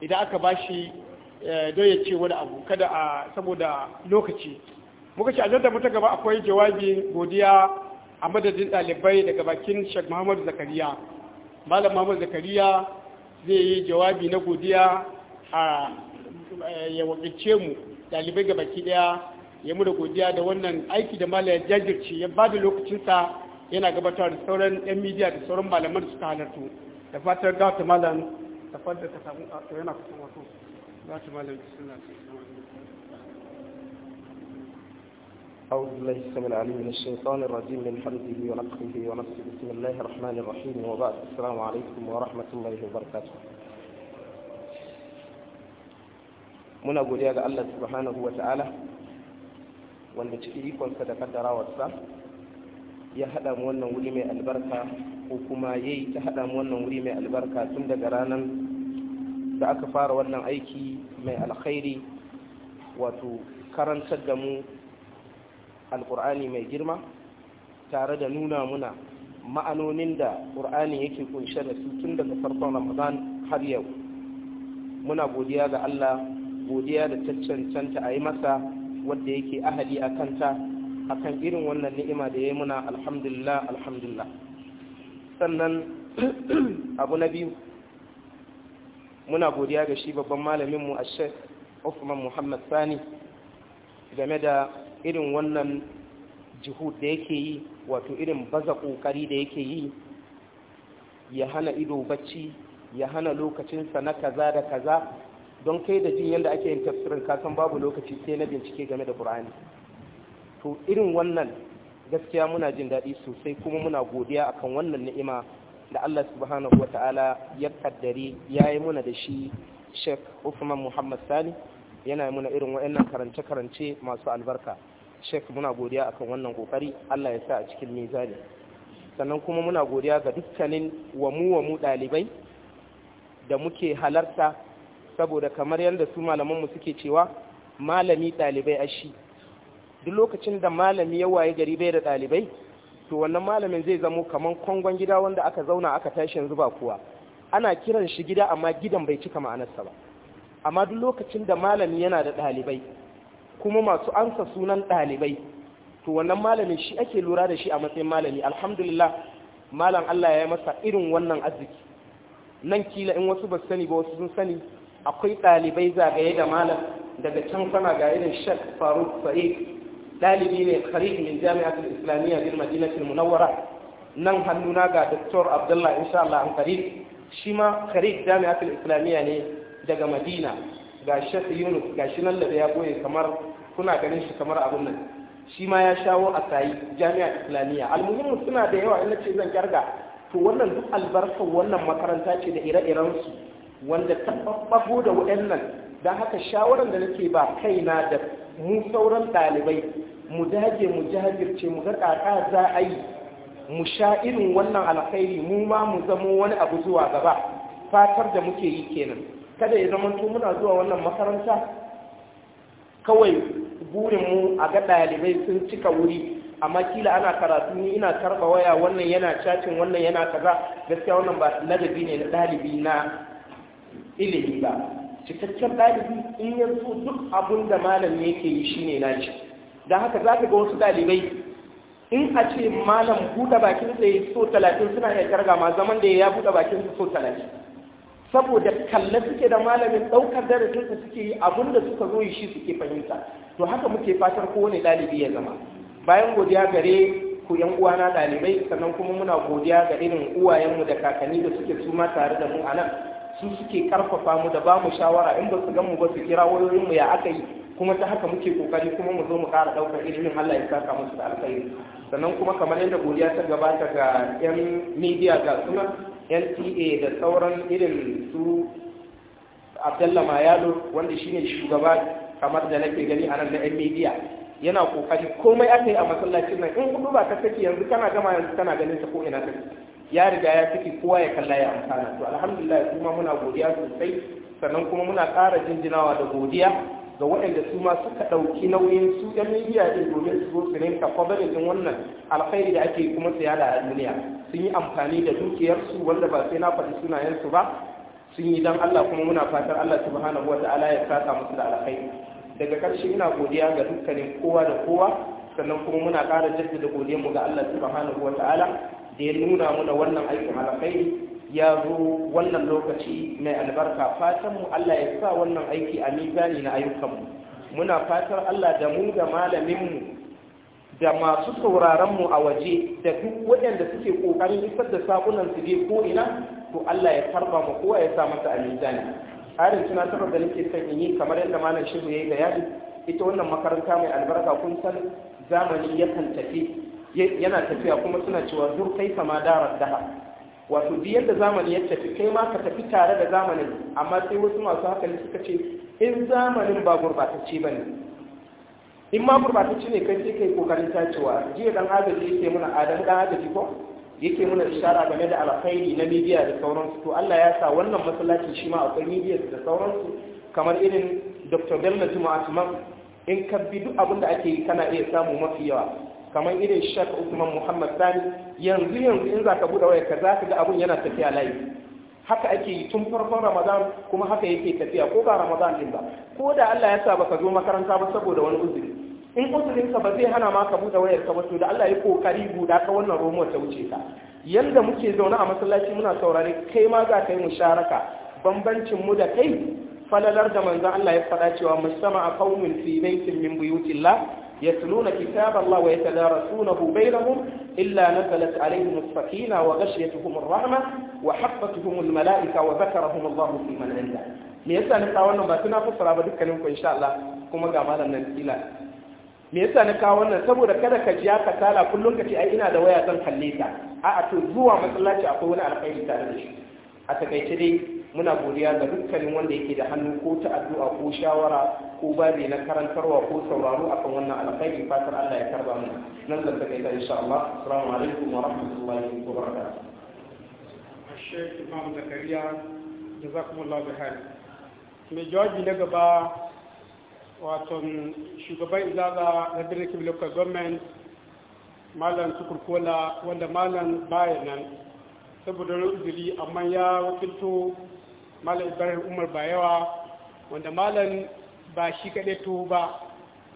idan aka bashi eh, don ya ce wani abu kada a saboda lokaci muka ce ajanda mu ta gaba akwai jawabin godiya a madadin ɗalibai daga bakin shek Muhammad Zakariya Malam Muhammad Zakariya zai yi jawabi na godiya a ya wakilce mu dalibai ga baki daya ya mu da godiya da wannan aiki da malaya jajirci ya ba da lokacinsa yana gabatar da sauran yan midiya da sauran malaman da suka halartu da fatar ga ta malam da fadda ka samu a to yana kusan wato ga ta malam suna أعوذ بالله السميع العليم من الشيطان الرجيم من حمده ونفخه ونفسه بسم الله الرحمن الرحيم وبعد السلام عليكم ورحمة الله وبركاته muna godiya ga Allah subhanahu wa ta'ala wanda ciki ikonsa da kaddarawarsa ya haɗa mu wannan wuri mai albarka ko kuma ya yi ta haɗa mu wannan wuri mai albarka tun daga ranar da aka fara wannan aiki mai alkhairi wato karantar da mu alƙur'ani mai girma tare da nuna muna ma'anonin da ƙur'ani yake kunshe da su tun daga farkon ramadan har yau muna godiya ga allah godiya da ta cancanta a yi masa wadda yake ahali a kanta a kan irin wannan ni'ima da ya yi muna alhamdulillah alhamdulillah sannan abu na biyu muna godiya ga shi babban malaminmu a shek ofman Muhammad Sani game da irin wannan jihud da yake yi wato irin baza kokari da yake yi ya hana ido bacci ya hana lokacinsa na kaza da kaza don kai da jin yadda ake yin tafsirin kasan babu lokaci sai na bincike game da ƙur'ani to irin wannan gaskiya muna jin daɗi sosai kuma muna godiya akan wannan ni'ima da Allah subhanahu wa ta'ala ya kaddari ya yi muna da shi Sheikh usman Muhammad Sani yana muna irin wa'annan karance-karance masu albarka Sheikh muna godiya akan wannan kokari Allah ya sa a cikin mizani sannan kuma muna godiya ga dukkanin wamu wamu ɗalibai da muke halarta saboda kamar yadda su malamanmu suke cewa malami ɗalibai ashi duk lokacin da malami ya waye gari bai da ɗalibai to wannan malamin zai zamo kamar kwangon gida wanda aka zauna aka tashi yanzu ba kuwa ana kiran shi gida amma gidan bai cika ma'anarsa ba amma duk lokacin da malami yana da ɗalibai kuma masu ansa sunan ɗalibai to wannan malamin shi ake lura da shi a matsayin malami alhamdulillah malam Allah ya yi masa irin wannan arziki nan kila in wasu ba sani ba wasu sun sani akwai ɗalibai zagaye da malam daga can sama ga irin shek faruk sa'id ɗalibi ne kharij min jami'atul islamiyya bil madinatul munawwara nan hannuna ga doktor abdullah insha Allah an kharij shi ma kharij jami'atul islamiyya ne daga madina ga shek yunus ga shi nan da ya goye kamar kuna ganin shi kamar abun nan shi ma ya shawo a sayi jami'a islamiyya almuhimmu suna da yawa ina ce zan kyarga to wannan duk albarkar wannan makaranta ce da ire-irensu wanda ta babbago da waɗannan don haka shawarar da nake ba kaina da mu sauran ɗalibai mu dage mu jajirce mu ga ƙaƙa za a yi mu sha irin wannan alkhairi mu ma mu zamo wani abu zuwa gaba fatar da muke yi kenan kada ya zama to muna zuwa wannan makaranta kawai mu a ga ɗalibai sun cika wuri amma kila ana karatu ni ina karɓa waya wannan yana cacin wannan yana kaza gaskiya wannan ba ladabi ne na ɗalibi na ilimi ba cikakken ɗalibi in ya so duk abin da malam yake yi shine naci don haka za ka ga wasu ɗalibai in a ce malam buɗe bakin sa ya so talatin suna iya karga ma zaman da ya buɗe bakin sa so talatin saboda kalla suke da malamin ɗaukar darasin su suke yi abin da suka zo yi shi suke fahimta to haka muke fatar kowane ɗalibi ya zama bayan godiya gare ku yan uwa na ɗalibai sannan kuma muna godiya ga irin uwayenmu da kakanni da suke suma tare da mu a nan su suke karfafa mu da bamu shawara in ba su gan mu ba su kira wayoyin mu ya aka yi kuma ta haka muke kokari kuma mu zo mu kara ɗaukar ilimin Allah ya saka musu da alkhairi sannan kuma kamar yadda godiya ta gabata ga yan media ga suna NTA da sauran irin su Abdalla Mayalo wanda shine shugaba kamar da nake gani a nan na yan media yana kokari komai aka yi a masallacin nan in kudu ba ka saki yanzu kana gama yanzu kana ganin ta ko ina ta ya riga ya fiki kowa ya kalla ya amfana to alhamdulillah kuma muna godiya sosai sannan kuma muna ƙara jinjinawa da godiya ga waɗanda su ma suka ɗauki nauyin su ɗan miliya ɗin domin su zo su rinka kwabarin wannan alkhairi da ake kuma saya da a duniya sun yi amfani da dukiyarsu wanda ba sai na faɗi sunayensu ba sun yi don Allah kuma muna fatar Allah subhanahu wa ta'ala ya saka musu da alkhairi daga ƙarshe ina godiya ga dukkanin kowa da kowa sannan kuma muna ƙara jaddada godiyarmu ga Allah subhanahu wa ta'ala da ya nuna muna wannan aikin halakai ya zo wannan lokaci mai albarka fatanmu Allah ya sa wannan aiki a mizani na ayyukanmu muna fatar Allah da mu da malaminmu da masu sauraronmu a waje da duk waɗanda suke ƙoƙarin isar da sabunan su je ko ina to Allah ya karba mu kowa ya sa masa a mizani suna tunatarwa da nake son in yi kamar yadda malam shehu ya yi bayani ita wannan makaranta mai albarka kun san zamani yakan tafi yana tafiya kuma suna cewa zur kai sama darar daha wato bi yadda zamani ya tafi kai ma ka tafi tare da zamanin amma sai wasu masu hakali suka ce in zamanin ba gurbatacce ba ne in ma gurbatacce ne kai sai kai kokarin tacewa jiya dan agaji yake muna adam dan agaji ko yake muna ishara game da alkhairi na midiya da sauransu to Allah ya sa wannan masallaci shi ma akwai midiya da sauransu kamar irin Dr. Bello Juma'a in ka bi duk abin da ake yi kana iya samu mafi yawa kamar irin shek usman muhammad sani yanzu yanzu in za ka buɗe waya ka zaka ga abun yana tafiya layi haka ake yi tun farkon ramadan kuma haka yake tafiya ko ba ramadan din ba ko da Allah ya sa ba ka zo makaranta ba saboda wani uzuri in uzurin ba zai hana ma ka buɗe wayar ka ba to da Allah ya kokari guda ka wannan romo ta wuce ka yanda muke zaune a masallaci muna saurare kai ma za ka yi musharaka bambancin mu da kai falalar da manzon Allah ya faɗa cewa musama a kaumin fi baitin min buyutillah يتلون كتاب الله ويتدارسونه بينهم إلا نزلت عليهم السكينة وغشيتهم الرحمة وحفتهم الملائكة وذكرهم الله في من عنده me yasa na kawo wannan ba suna fassara ba dukkanin ku insha Allah kuma ga malam nan kila me yasa na kawo wannan saboda kada ka ji aka tala kullun ka ce ai ina da waya zan kalle ta a to zuwa masallaci akwai wani alƙairi tare da shi a takaice dai muna godiya ga dukkanin wanda yake da hannu ko ta addu'a ko shawara ko bari na karantarwa ko sauraro akan wannan alkhairi fatar Allah ya karba mu nan da take da insha Allah assalamu alaikum wa rahmatullahi wa barakatuh Sheikh Imam Zakaria jazakumullahu bihar Me jawabi na gaba wato shugaban izaza na Direct Local Government Malam Tukurkola wanda Malam baya nan saboda rudiri amma ya wakilto malam ibrahim umar ba yawa wanda malam ba shi kaɗai to ba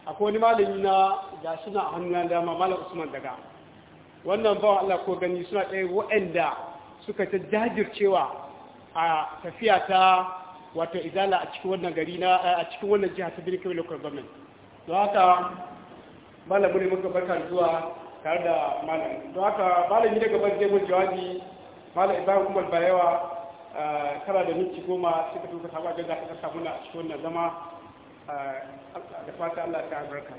akwai wani malami na ga suna a hannun dama malam usman daga wannan ba allah ko gani suna ɗaya waɗanda suka ta jajircewa a tafiya ta wato izala a cikin wannan gari na a cikin wannan jiha ta birnin kawai local government don haka Malam ne muka barka zuwa tare da malam don haka Malam yi daga ban mun jawabi malam ibrahim umar ba yawa. kara da minti goma suka tuka saba da za ka kasa muna a cikin wannan zama da fata Allah ta albarka.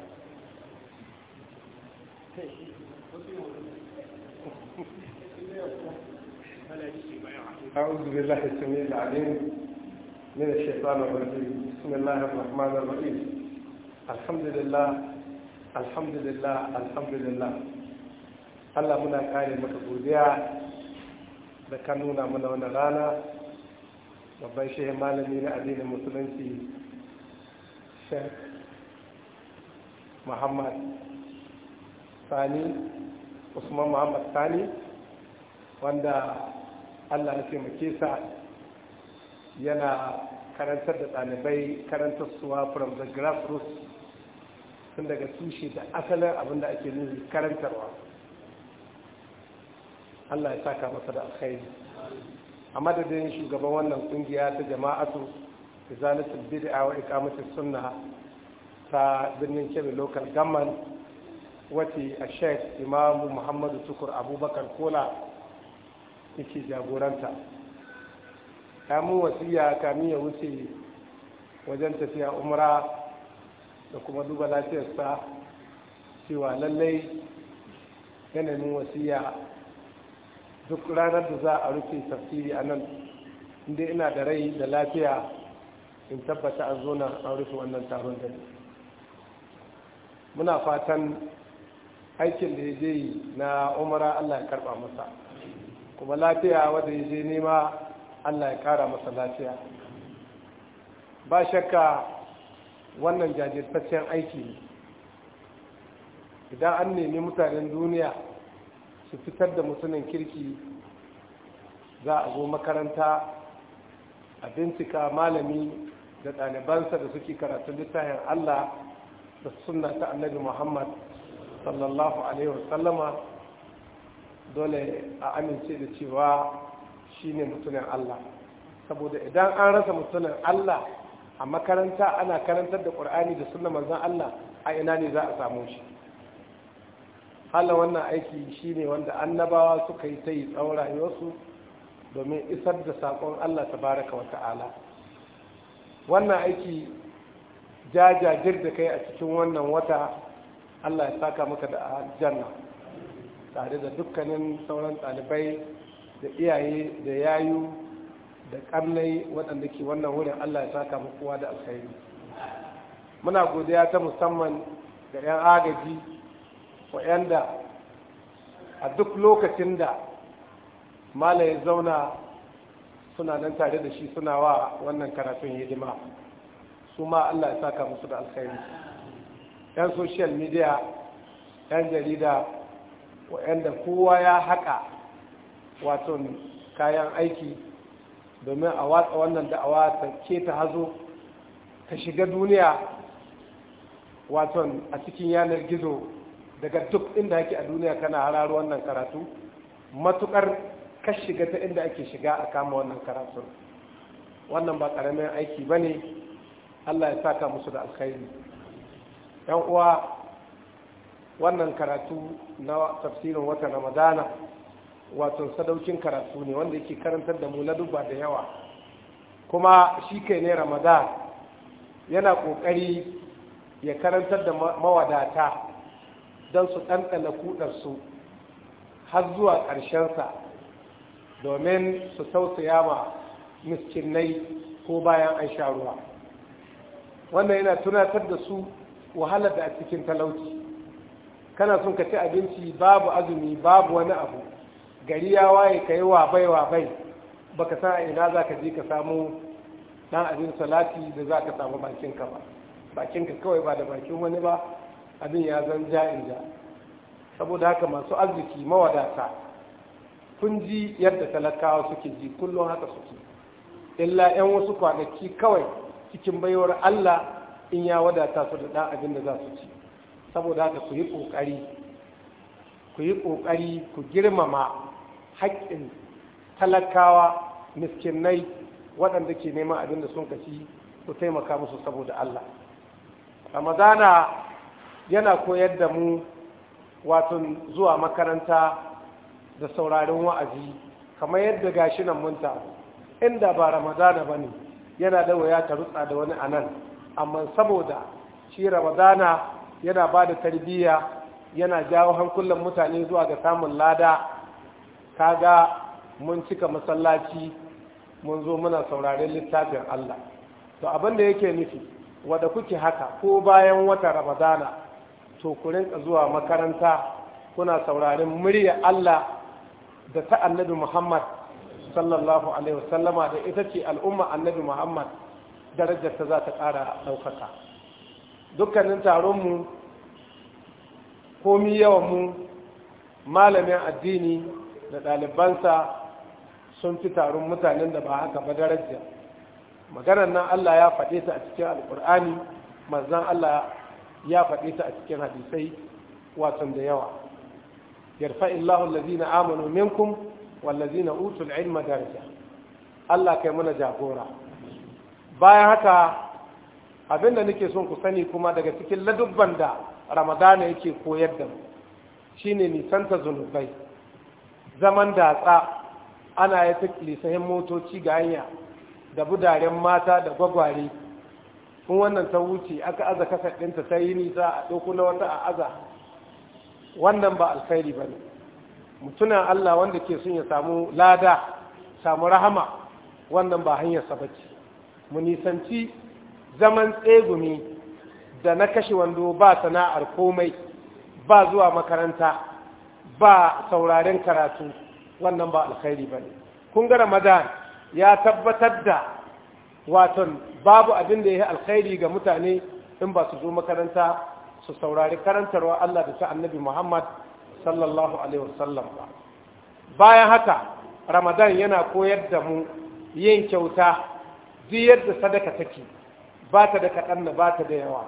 أعوذ بالله السميع العليم من الشيطان الرجيم بسم الله الرحمن الرحيم الحمد لله الحمد لله الحمد لله الله منا كان maka da kan nuna mana wani rana babban shehin malami na addinin musulunci shek muhammad sani usman muhammad sani wanda allah ya taimake sa yana karantar da ɗalibai karantar suwa from the grassroots tun daga tushe da asalin abinda ake nufi karantarwa Allah ya saka masa da alkhairi a madadin shugaban wannan kungiya ta jama'atu izalatul bid'a wa iqamatus sunna ta birnin Kebbi local government wace a Sheikh Imam Muhammadu Tukur Abubakar Kola yake jagoranta ya mun wasiya kamin ya wuce wajen tafiya umra da kuma duba lafiyarsa cewa lallai yanayin wasiya duk ranar da za a rufe tafsiri a nan inda ina da rai da lafiya in tabbata a zo na an rufe wannan taron da muna fatan aikin da ya je yi na umara allah ya karba masa kuma lafiya wadda ya je nema allah ya kara masa lafiya ba shakka wannan jajirtaccen aiki ne idan an nemi mutanen duniya su fitar da mutumin kirki za a zo makaranta a bincika malami da ɗalibansa da suke karatun littafin Allah da sunna ta annabi Muhammad sallallahu alaihi wasallama dole a amince da cewa shine mutumin Allah saboda idan an rasa mutumin Allah a makaranta ana karantar da ƙur'ani da sunna manzon Allah a ina ne za a samu shi hala wannan aiki shine wanda annabawa suka yi ta yi tsawon rayuwarsu domin isar da saƙon allah Ta baraka wa ta'ala wannan aiki jajajir da kai a cikin wannan wata allah ya saka maka da janna tare da dukkanin sauran ɗalibai da iyaye da yayu da karnai waɗanda ke wannan wurin allah ya saka kowa da alkhairi muna godiya ta musamman ga 'yan agaji wa'yanda a duk lokacin da mala zauna suna nan tare da shi suna wa wannan karatun hidima su ma allah ya saka musu da alkhairi yan social media yan jarida wa'yanda kowa ya haƙa wato kayan aiki domin a watsa wannan da'awa ta ke ta hazo ta shiga duniya wato a cikin yanar gizo daga duk inda ake a duniya kana hararo wannan karatu matukar ka shiga ta inda ake shiga a kama wannan karatu. wannan ba karamin aiki ba ne allah ya saka musu da alkhairi yan uwa wannan karatu na tafsirin wata ramadana wato sadaukin karatu ne wanda yake karantar da mu na duba da yawa kuma shi kai ne Ramadana. yana kokari ya karantar da mawadata don su ɗanɗana kudarsu har zuwa ƙarshensa domin su sausaya ma miskinai ko bayan an sha ruwa wannan yana tunatar da su wahalar da a cikin talauci kana sun ka ci abinci babu azumi babu wani abu gari ya waye ka yi wabai wabai baka san a ina za ka je ka samu ɗan abin salati da za ka samu bakinka ba bakinka kawai ba da bakin wani ba abin ya zan ja'in ja saboda haka masu arziki mawadata kun ji yadda talakawa suke ji kullum haka suke illa 'yan wasu kwanaki kawai cikin baiwar Allah in ya wadata su da ɗan abin da za su ci saboda haka ku yi ƙoƙari ku yi ƙoƙari ku girmama haƙƙin talakawa miskinai waɗanda ke neman abin da sun kashi ku taimaka musu saboda Allah ramadana yana koyar da mu watan zuwa makaranta da sauraron wa'azi kamar yadda gashi nan munta inda ba ramadana ba ne yana da waya ta rutsa da wani anan amma saboda shi ramadana yana ba da tarbiyya yana jawo hankulan mutane zuwa ga samun lada kaga mun cika masallaci mun zo muna sauraren littafin Allah to abinda yake nufi wadda kuke haka ko bayan wata ramadana to ku rinka zuwa makaranta kuna saurarin murya Allah da ta annabi Muhammad sallallahu alaihi wasallama da ita ce al'umma annabi Muhammad darajarta za ta ƙara ɗaukaka dukkanin taronmu komi mu malamin addini da ɗalibansa sun fi taron mutanen da ba haka ba darajar. maganar nan Allah ya faɗe ta a cikin alƙur'ani manzan Allah ya faɗe ta a cikin hadisai watan da yawa yarfa illahu allazina amanu minkum wallazina utul ilma daraja Allah kai mana jagora bayan haka abin da nake son ku sani kuma daga cikin ladubban da ramadana yake koyar da mu shine nisanta zunubai zaman datsa ana yi lisahin motoci ga hanya da budaren mata da gwagware in wannan ta wuce aka aza kasar ɗinta ta yi nisa a ɗauku na wata a aza wannan ba alkhairi ba ne mutuna Allah wanda ke sun ya samu lada samu rahama wannan ba hanyarsa ba mu nisanci zaman tsegumi da na kashe wando ba sana'ar komai ba zuwa makaranta ba sauraren karatu wannan ba alkhairi ba ne kun ramadan ya tabbatar da waton babu abin da ya yi alkhairi ga mutane in ba su zo makaranta su saurari karantarwa Allah da ta annabi Muhammad sallallahu alaihi wasallam ba bayan haka Ramadan yana koyar da mu yin kyauta ziyar da sadaka take ba ta da kaɗan na ba ta da yawa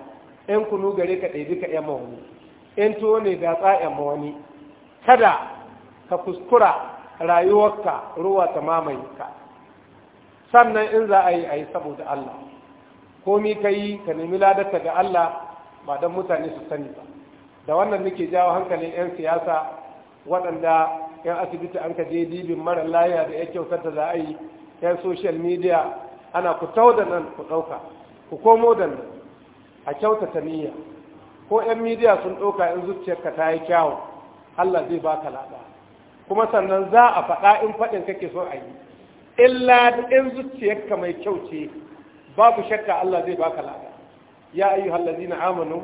Yan kunu gare ka ɗai duka ‘yan wani Yan tuwo ne da tsayan wani kada ka kuskura rayuwarka ruwa ta mamaye ka sannan in za a yi a yi saboda Allah komi ka yi ka nemi ladarta ga Allah ba don mutane su sani ba da wannan nake jawo hankalin 'yan siyasa waɗanda 'yan asibiti an ka je dibin mara laya da ya kyautar da za a yi 'yan social media ana ku tau da nan ku ɗauka ku komo da nan a kyautata niyya ko 'yan media sun ɗauka in zuciyarka ta yi kyawu Allah zai baka lada kuma sannan za a faɗa in faɗin kake so a yi illa in zuciyarka mai kyau ce babu shakka Allah zai baka lada ya ayyuhal ladina amanu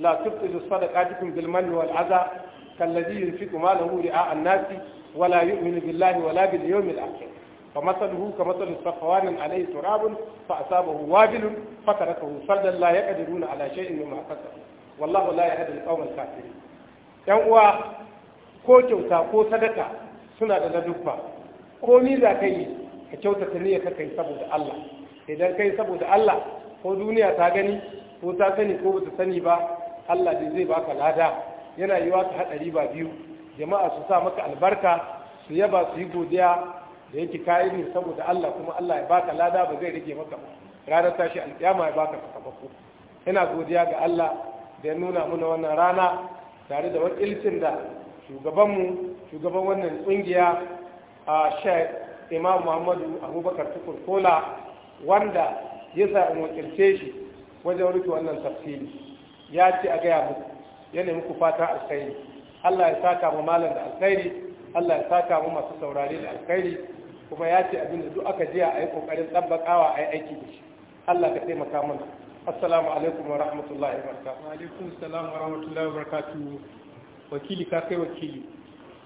la tubtilu sadaqatikum bil manni wal adha kalladhi yunfiqu malahu ri'a an-nasi wala yu'minu billahi wala bil yawmil akhir فمثله كمثل صفوان عليه تراب فأصابه وابل فتركه فردا لا يقدرون على شيء Wallahu كسبوا والله لا يهدي القوم الكافرين yan uwa ko kyauta ko sadaka suna da ladufa ko ni za ka yi ka kyautata niyyar ka kai saboda Allah idan kai saboda Allah ko duniya ta gani ko ta sani ko bata sani ba Allah dai zai baka lada yana yiwa ka hada riba biyu jama'a su sa maka albarka su yaba su yi godiya da yake kayi ne saboda Allah kuma Allah ya baka lada ba zai rage maka ba ranar tashi alƙiyama ya baka sakamako ina godiya ga Allah da ya nuna mana wannan rana tare da ilcin da shugabanmu shugaban wannan kungiya a Sheikh imam muhammadu abubakar tukur kola wanda ya sa in wakilce shi wajen rufe wannan tafsiri ya ce a gaya muku ya nemi ku fata alkhairi allah ya saka mu malam da alkhairi allah ya saka mu masu saurare da alkhairi kuma ya ce abin da duk aka jiya a yi kokarin tabbakawa a yi aiki da shi allah ka taimaka mana assalamu alaikum wa rahmatullahi wa barakatuh wa alaikum assalam wa rahmatullahi wa barakatuh wakili ka kai wakili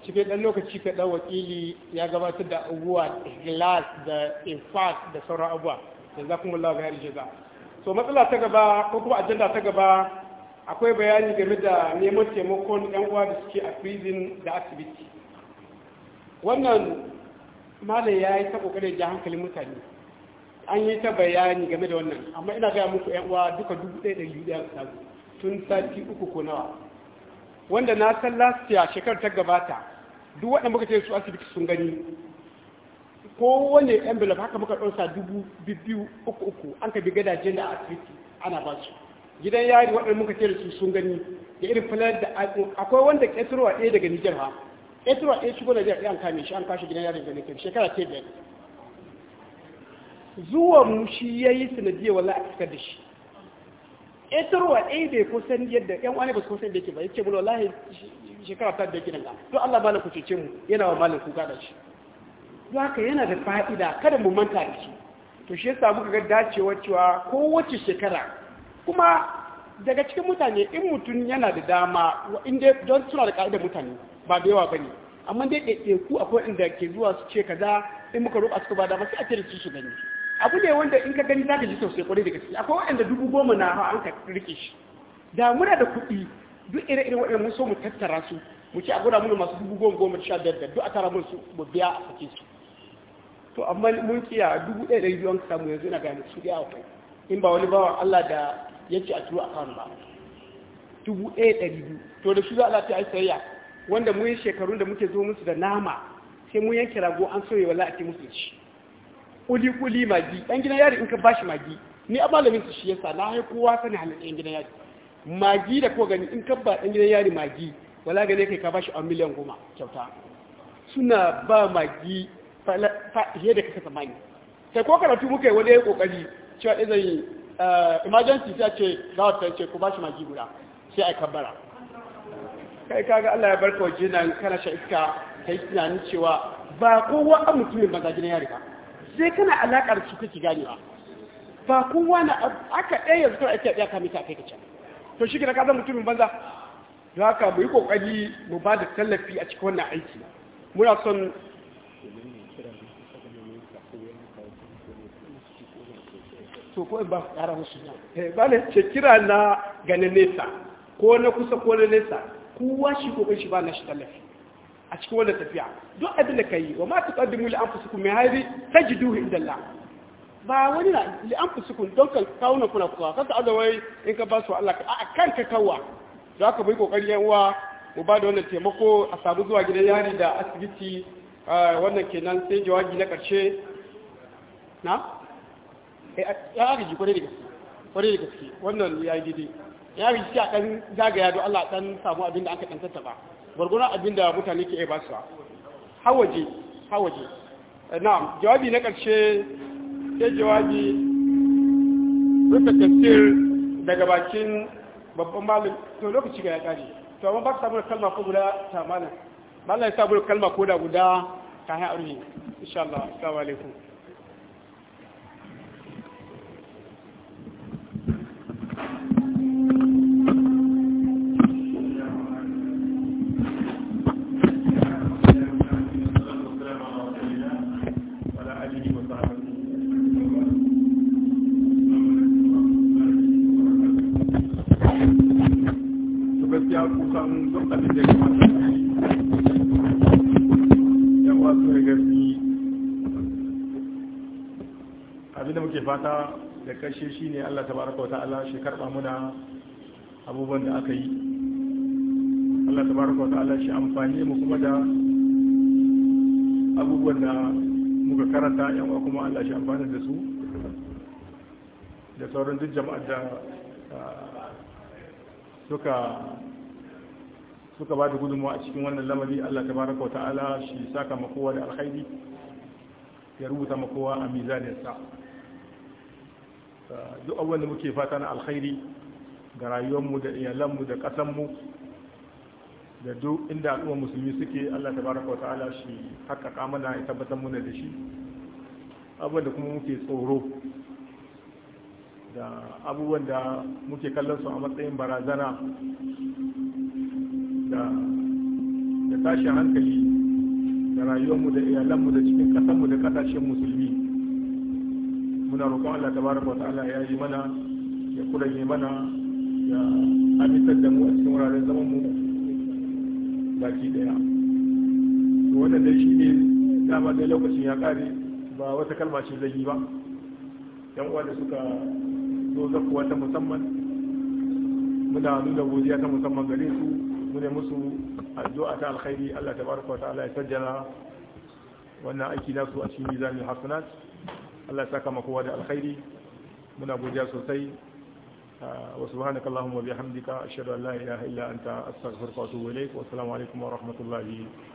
cikin ɗan lokaci kaɗan wakili ya gabatar da abubuwa glass da infat da sauran abubuwa da za kuma ga yari jaza so matsala ta gaba ko kuma ajanda ta gaba akwai bayani game da neman taimakon yan uwa da suke a prison da asibiti wannan malam ya yi ta kokarin ja hankalin mutane an yi ta bayani game da wannan amma ina gaya muku yan uwa duka dubu ɗaya da biyu ɗaya tun sati uku ko nawa wanda na san lasiya shekarar ta gabata duk waɗanda muka ce su asibiti sun gani ko wane envelope haka muka ɗansa dubu biyu uku uku an ka bi gada da asibiti ana ba su gidan yari waɗanda muka ce su sun gani da irin fulani da akwai wanda ƙetarwa ɗaya daga nijar ha ƙetarwa ɗaya shigo da jihar an kame shi an kashe gidan yari da shekara ta biyar zuwa mu shi ya yi sanadiyar wala a fiskar da shi ƙetarwa ɗaya bai kusan yadda ƴan wani ba su kusan da yake ba ya ce bula wallahi shekara ta da gidan ka to Allah malam ku cece mu yana wa malam kuka da shi haka yana da fa'ida kada mu manta da shi to shi yasa muka ga dacewa cewa ko kowace shekara kuma daga cikin mutane in mutum yana da dama in dai don suna da kaida mutane ba da yawa bane amma dai ku akwai inda ke zuwa su ce kaza in muka roƙa suka ba ba sai a tare su su gani abu ne wanda in ka gani zaka ka ji sosai kwarai da gaske akwai wanda dubu goma na hawa an rike shi da muna da kuɗi duk ire irin waɗannan mun so mu tattara su mu ci a gura mun masu dubu goma goma sha biyar da duk a tara mun su mu biya a sake su to amma mun kiya dubu ɗaya ɗari biyu an samu yanzu na gani su biya akwai in ba wani bawan Allah da ya ci a turu a kan ba dubu ɗaya ɗari biyu to da shi za a lafiya yi sayayya wanda mun yi shekarun da muke zo musu da nama sai mun yanke rago an soye wala a ce musu ci kuli kuli magi ɗan gidan yari in ka bashi magi ni a malamin su shi yasa na haiku sani halin ɗan gidan yari magi da ko gani in kabba ɗan gidan yari magi wala gane kai ka ba shi a miliyan goma kyauta suna ba magi fiye da kasa tsammani sai ko karatu muka yi wani ya yi kokari cewa ɗin zai eh, emergency ta ce za a ce ko ba shi magi guda sai a kabbara kai kaga Allah ya barka waje nan kana sha iska kai tunanin cewa ba kowa a mutumin banza gidan yari ba sai kana alaƙar su kake ganewa ba kowa na aka ɗaya yanzu kana ake ɗaya kamita kai ka can to shi ka zan mutumin banza don haka mu yi kokari mu ba da tallafi a cikin wannan aiki muna son to ko ba kara musu eh, ba ne ce kira na ganin nesa ko na kusa ko na nesa kowa shi kokari shi ba na shi tallafi a cikin wannan tafiya duk abin da kai wa ma taqaddimu li anfusikum min hayri tajiduhu inda Allah ba wani na li an fusikun don kan kawunan kuna kuwa kasa azawai in ka ba su Allah ka a kan ka kawwa za ka bai kokari yan uwa mu ba da wannan taimako a sabu zuwa gidan yari da asibiti ah, wannan kenan sai jawabi na karshe na eh, ya ji kwarai da gaske kwarai da gaske wannan ya yi dide ya yi a kan zagaya don Allah dan samu abin da aka dan tattaba gwargwaron abin da mutane ke ba su hawaje hawaje eh, na jawabi na karshe sai jawabi rufe tafsir daga bakin babban malam to lokaci ga ya kare to amma ba ta samu kalma ko guda ta malam malam ya samu kalma ko da guda ta hayar ne insha Allah assalamu alaikum gaskiya kusan don abin da ya kamata yan wasu da gaski abin da muke fata da kashe shi ne allah ta baraka wata ala shi karɓa muna abubuwan da aka yi allah ta baraka wata ala shi amfani mu kuma da abubuwan da muka karanta yan wa kuma allah shi amfani da su da sauran duk jama'ar da ah, suka suka ba da gudunmawa a cikin wannan lamari Allah baraka wa ta'ala shi saka makowa da alkhairi ya rubuta makowa a mizaninsa duk abuwan da muke fata na alkhairi ga rayuwanmu da iyalanmu da ƙasanmu da duk inda al'uwa musulmi suke Allah baraka wa ta'ala shi haka mana ya tabbatar mana da shi abuwan da kuma muke tsoro da abubuwan da muke kallon su a matsayin barazana da tashin hankali da rayuwarmu da iyalanmu da cikin ƙasarmu da kasashen musulmi muna roƙon Allah tabaraka wa ta'ala ya yi mana ya kuranye mana ya amintar da mu a cikin wuraren zaman mu baki daya to wannan dai shine dama dai lokacin ya kare ba wata kalma ce zai yi ba yan uwa da suka zo zakuwa ta musamman muna nuna godiya ta musamman gare su mune musu addu'a ta alkhairi Allah tabaraka wa ta'ala ya sajjala wannan aiki nasu a cikin mizanin hasanat Allah ya saka kowa da alkhairi muna godiya sosai ah, wa subhanaka allahumma bihamdika ashhadu an la ilaha illa anta astaghfiruka wa atubu ilaik wa assalamu alaikum wa rahmatullahi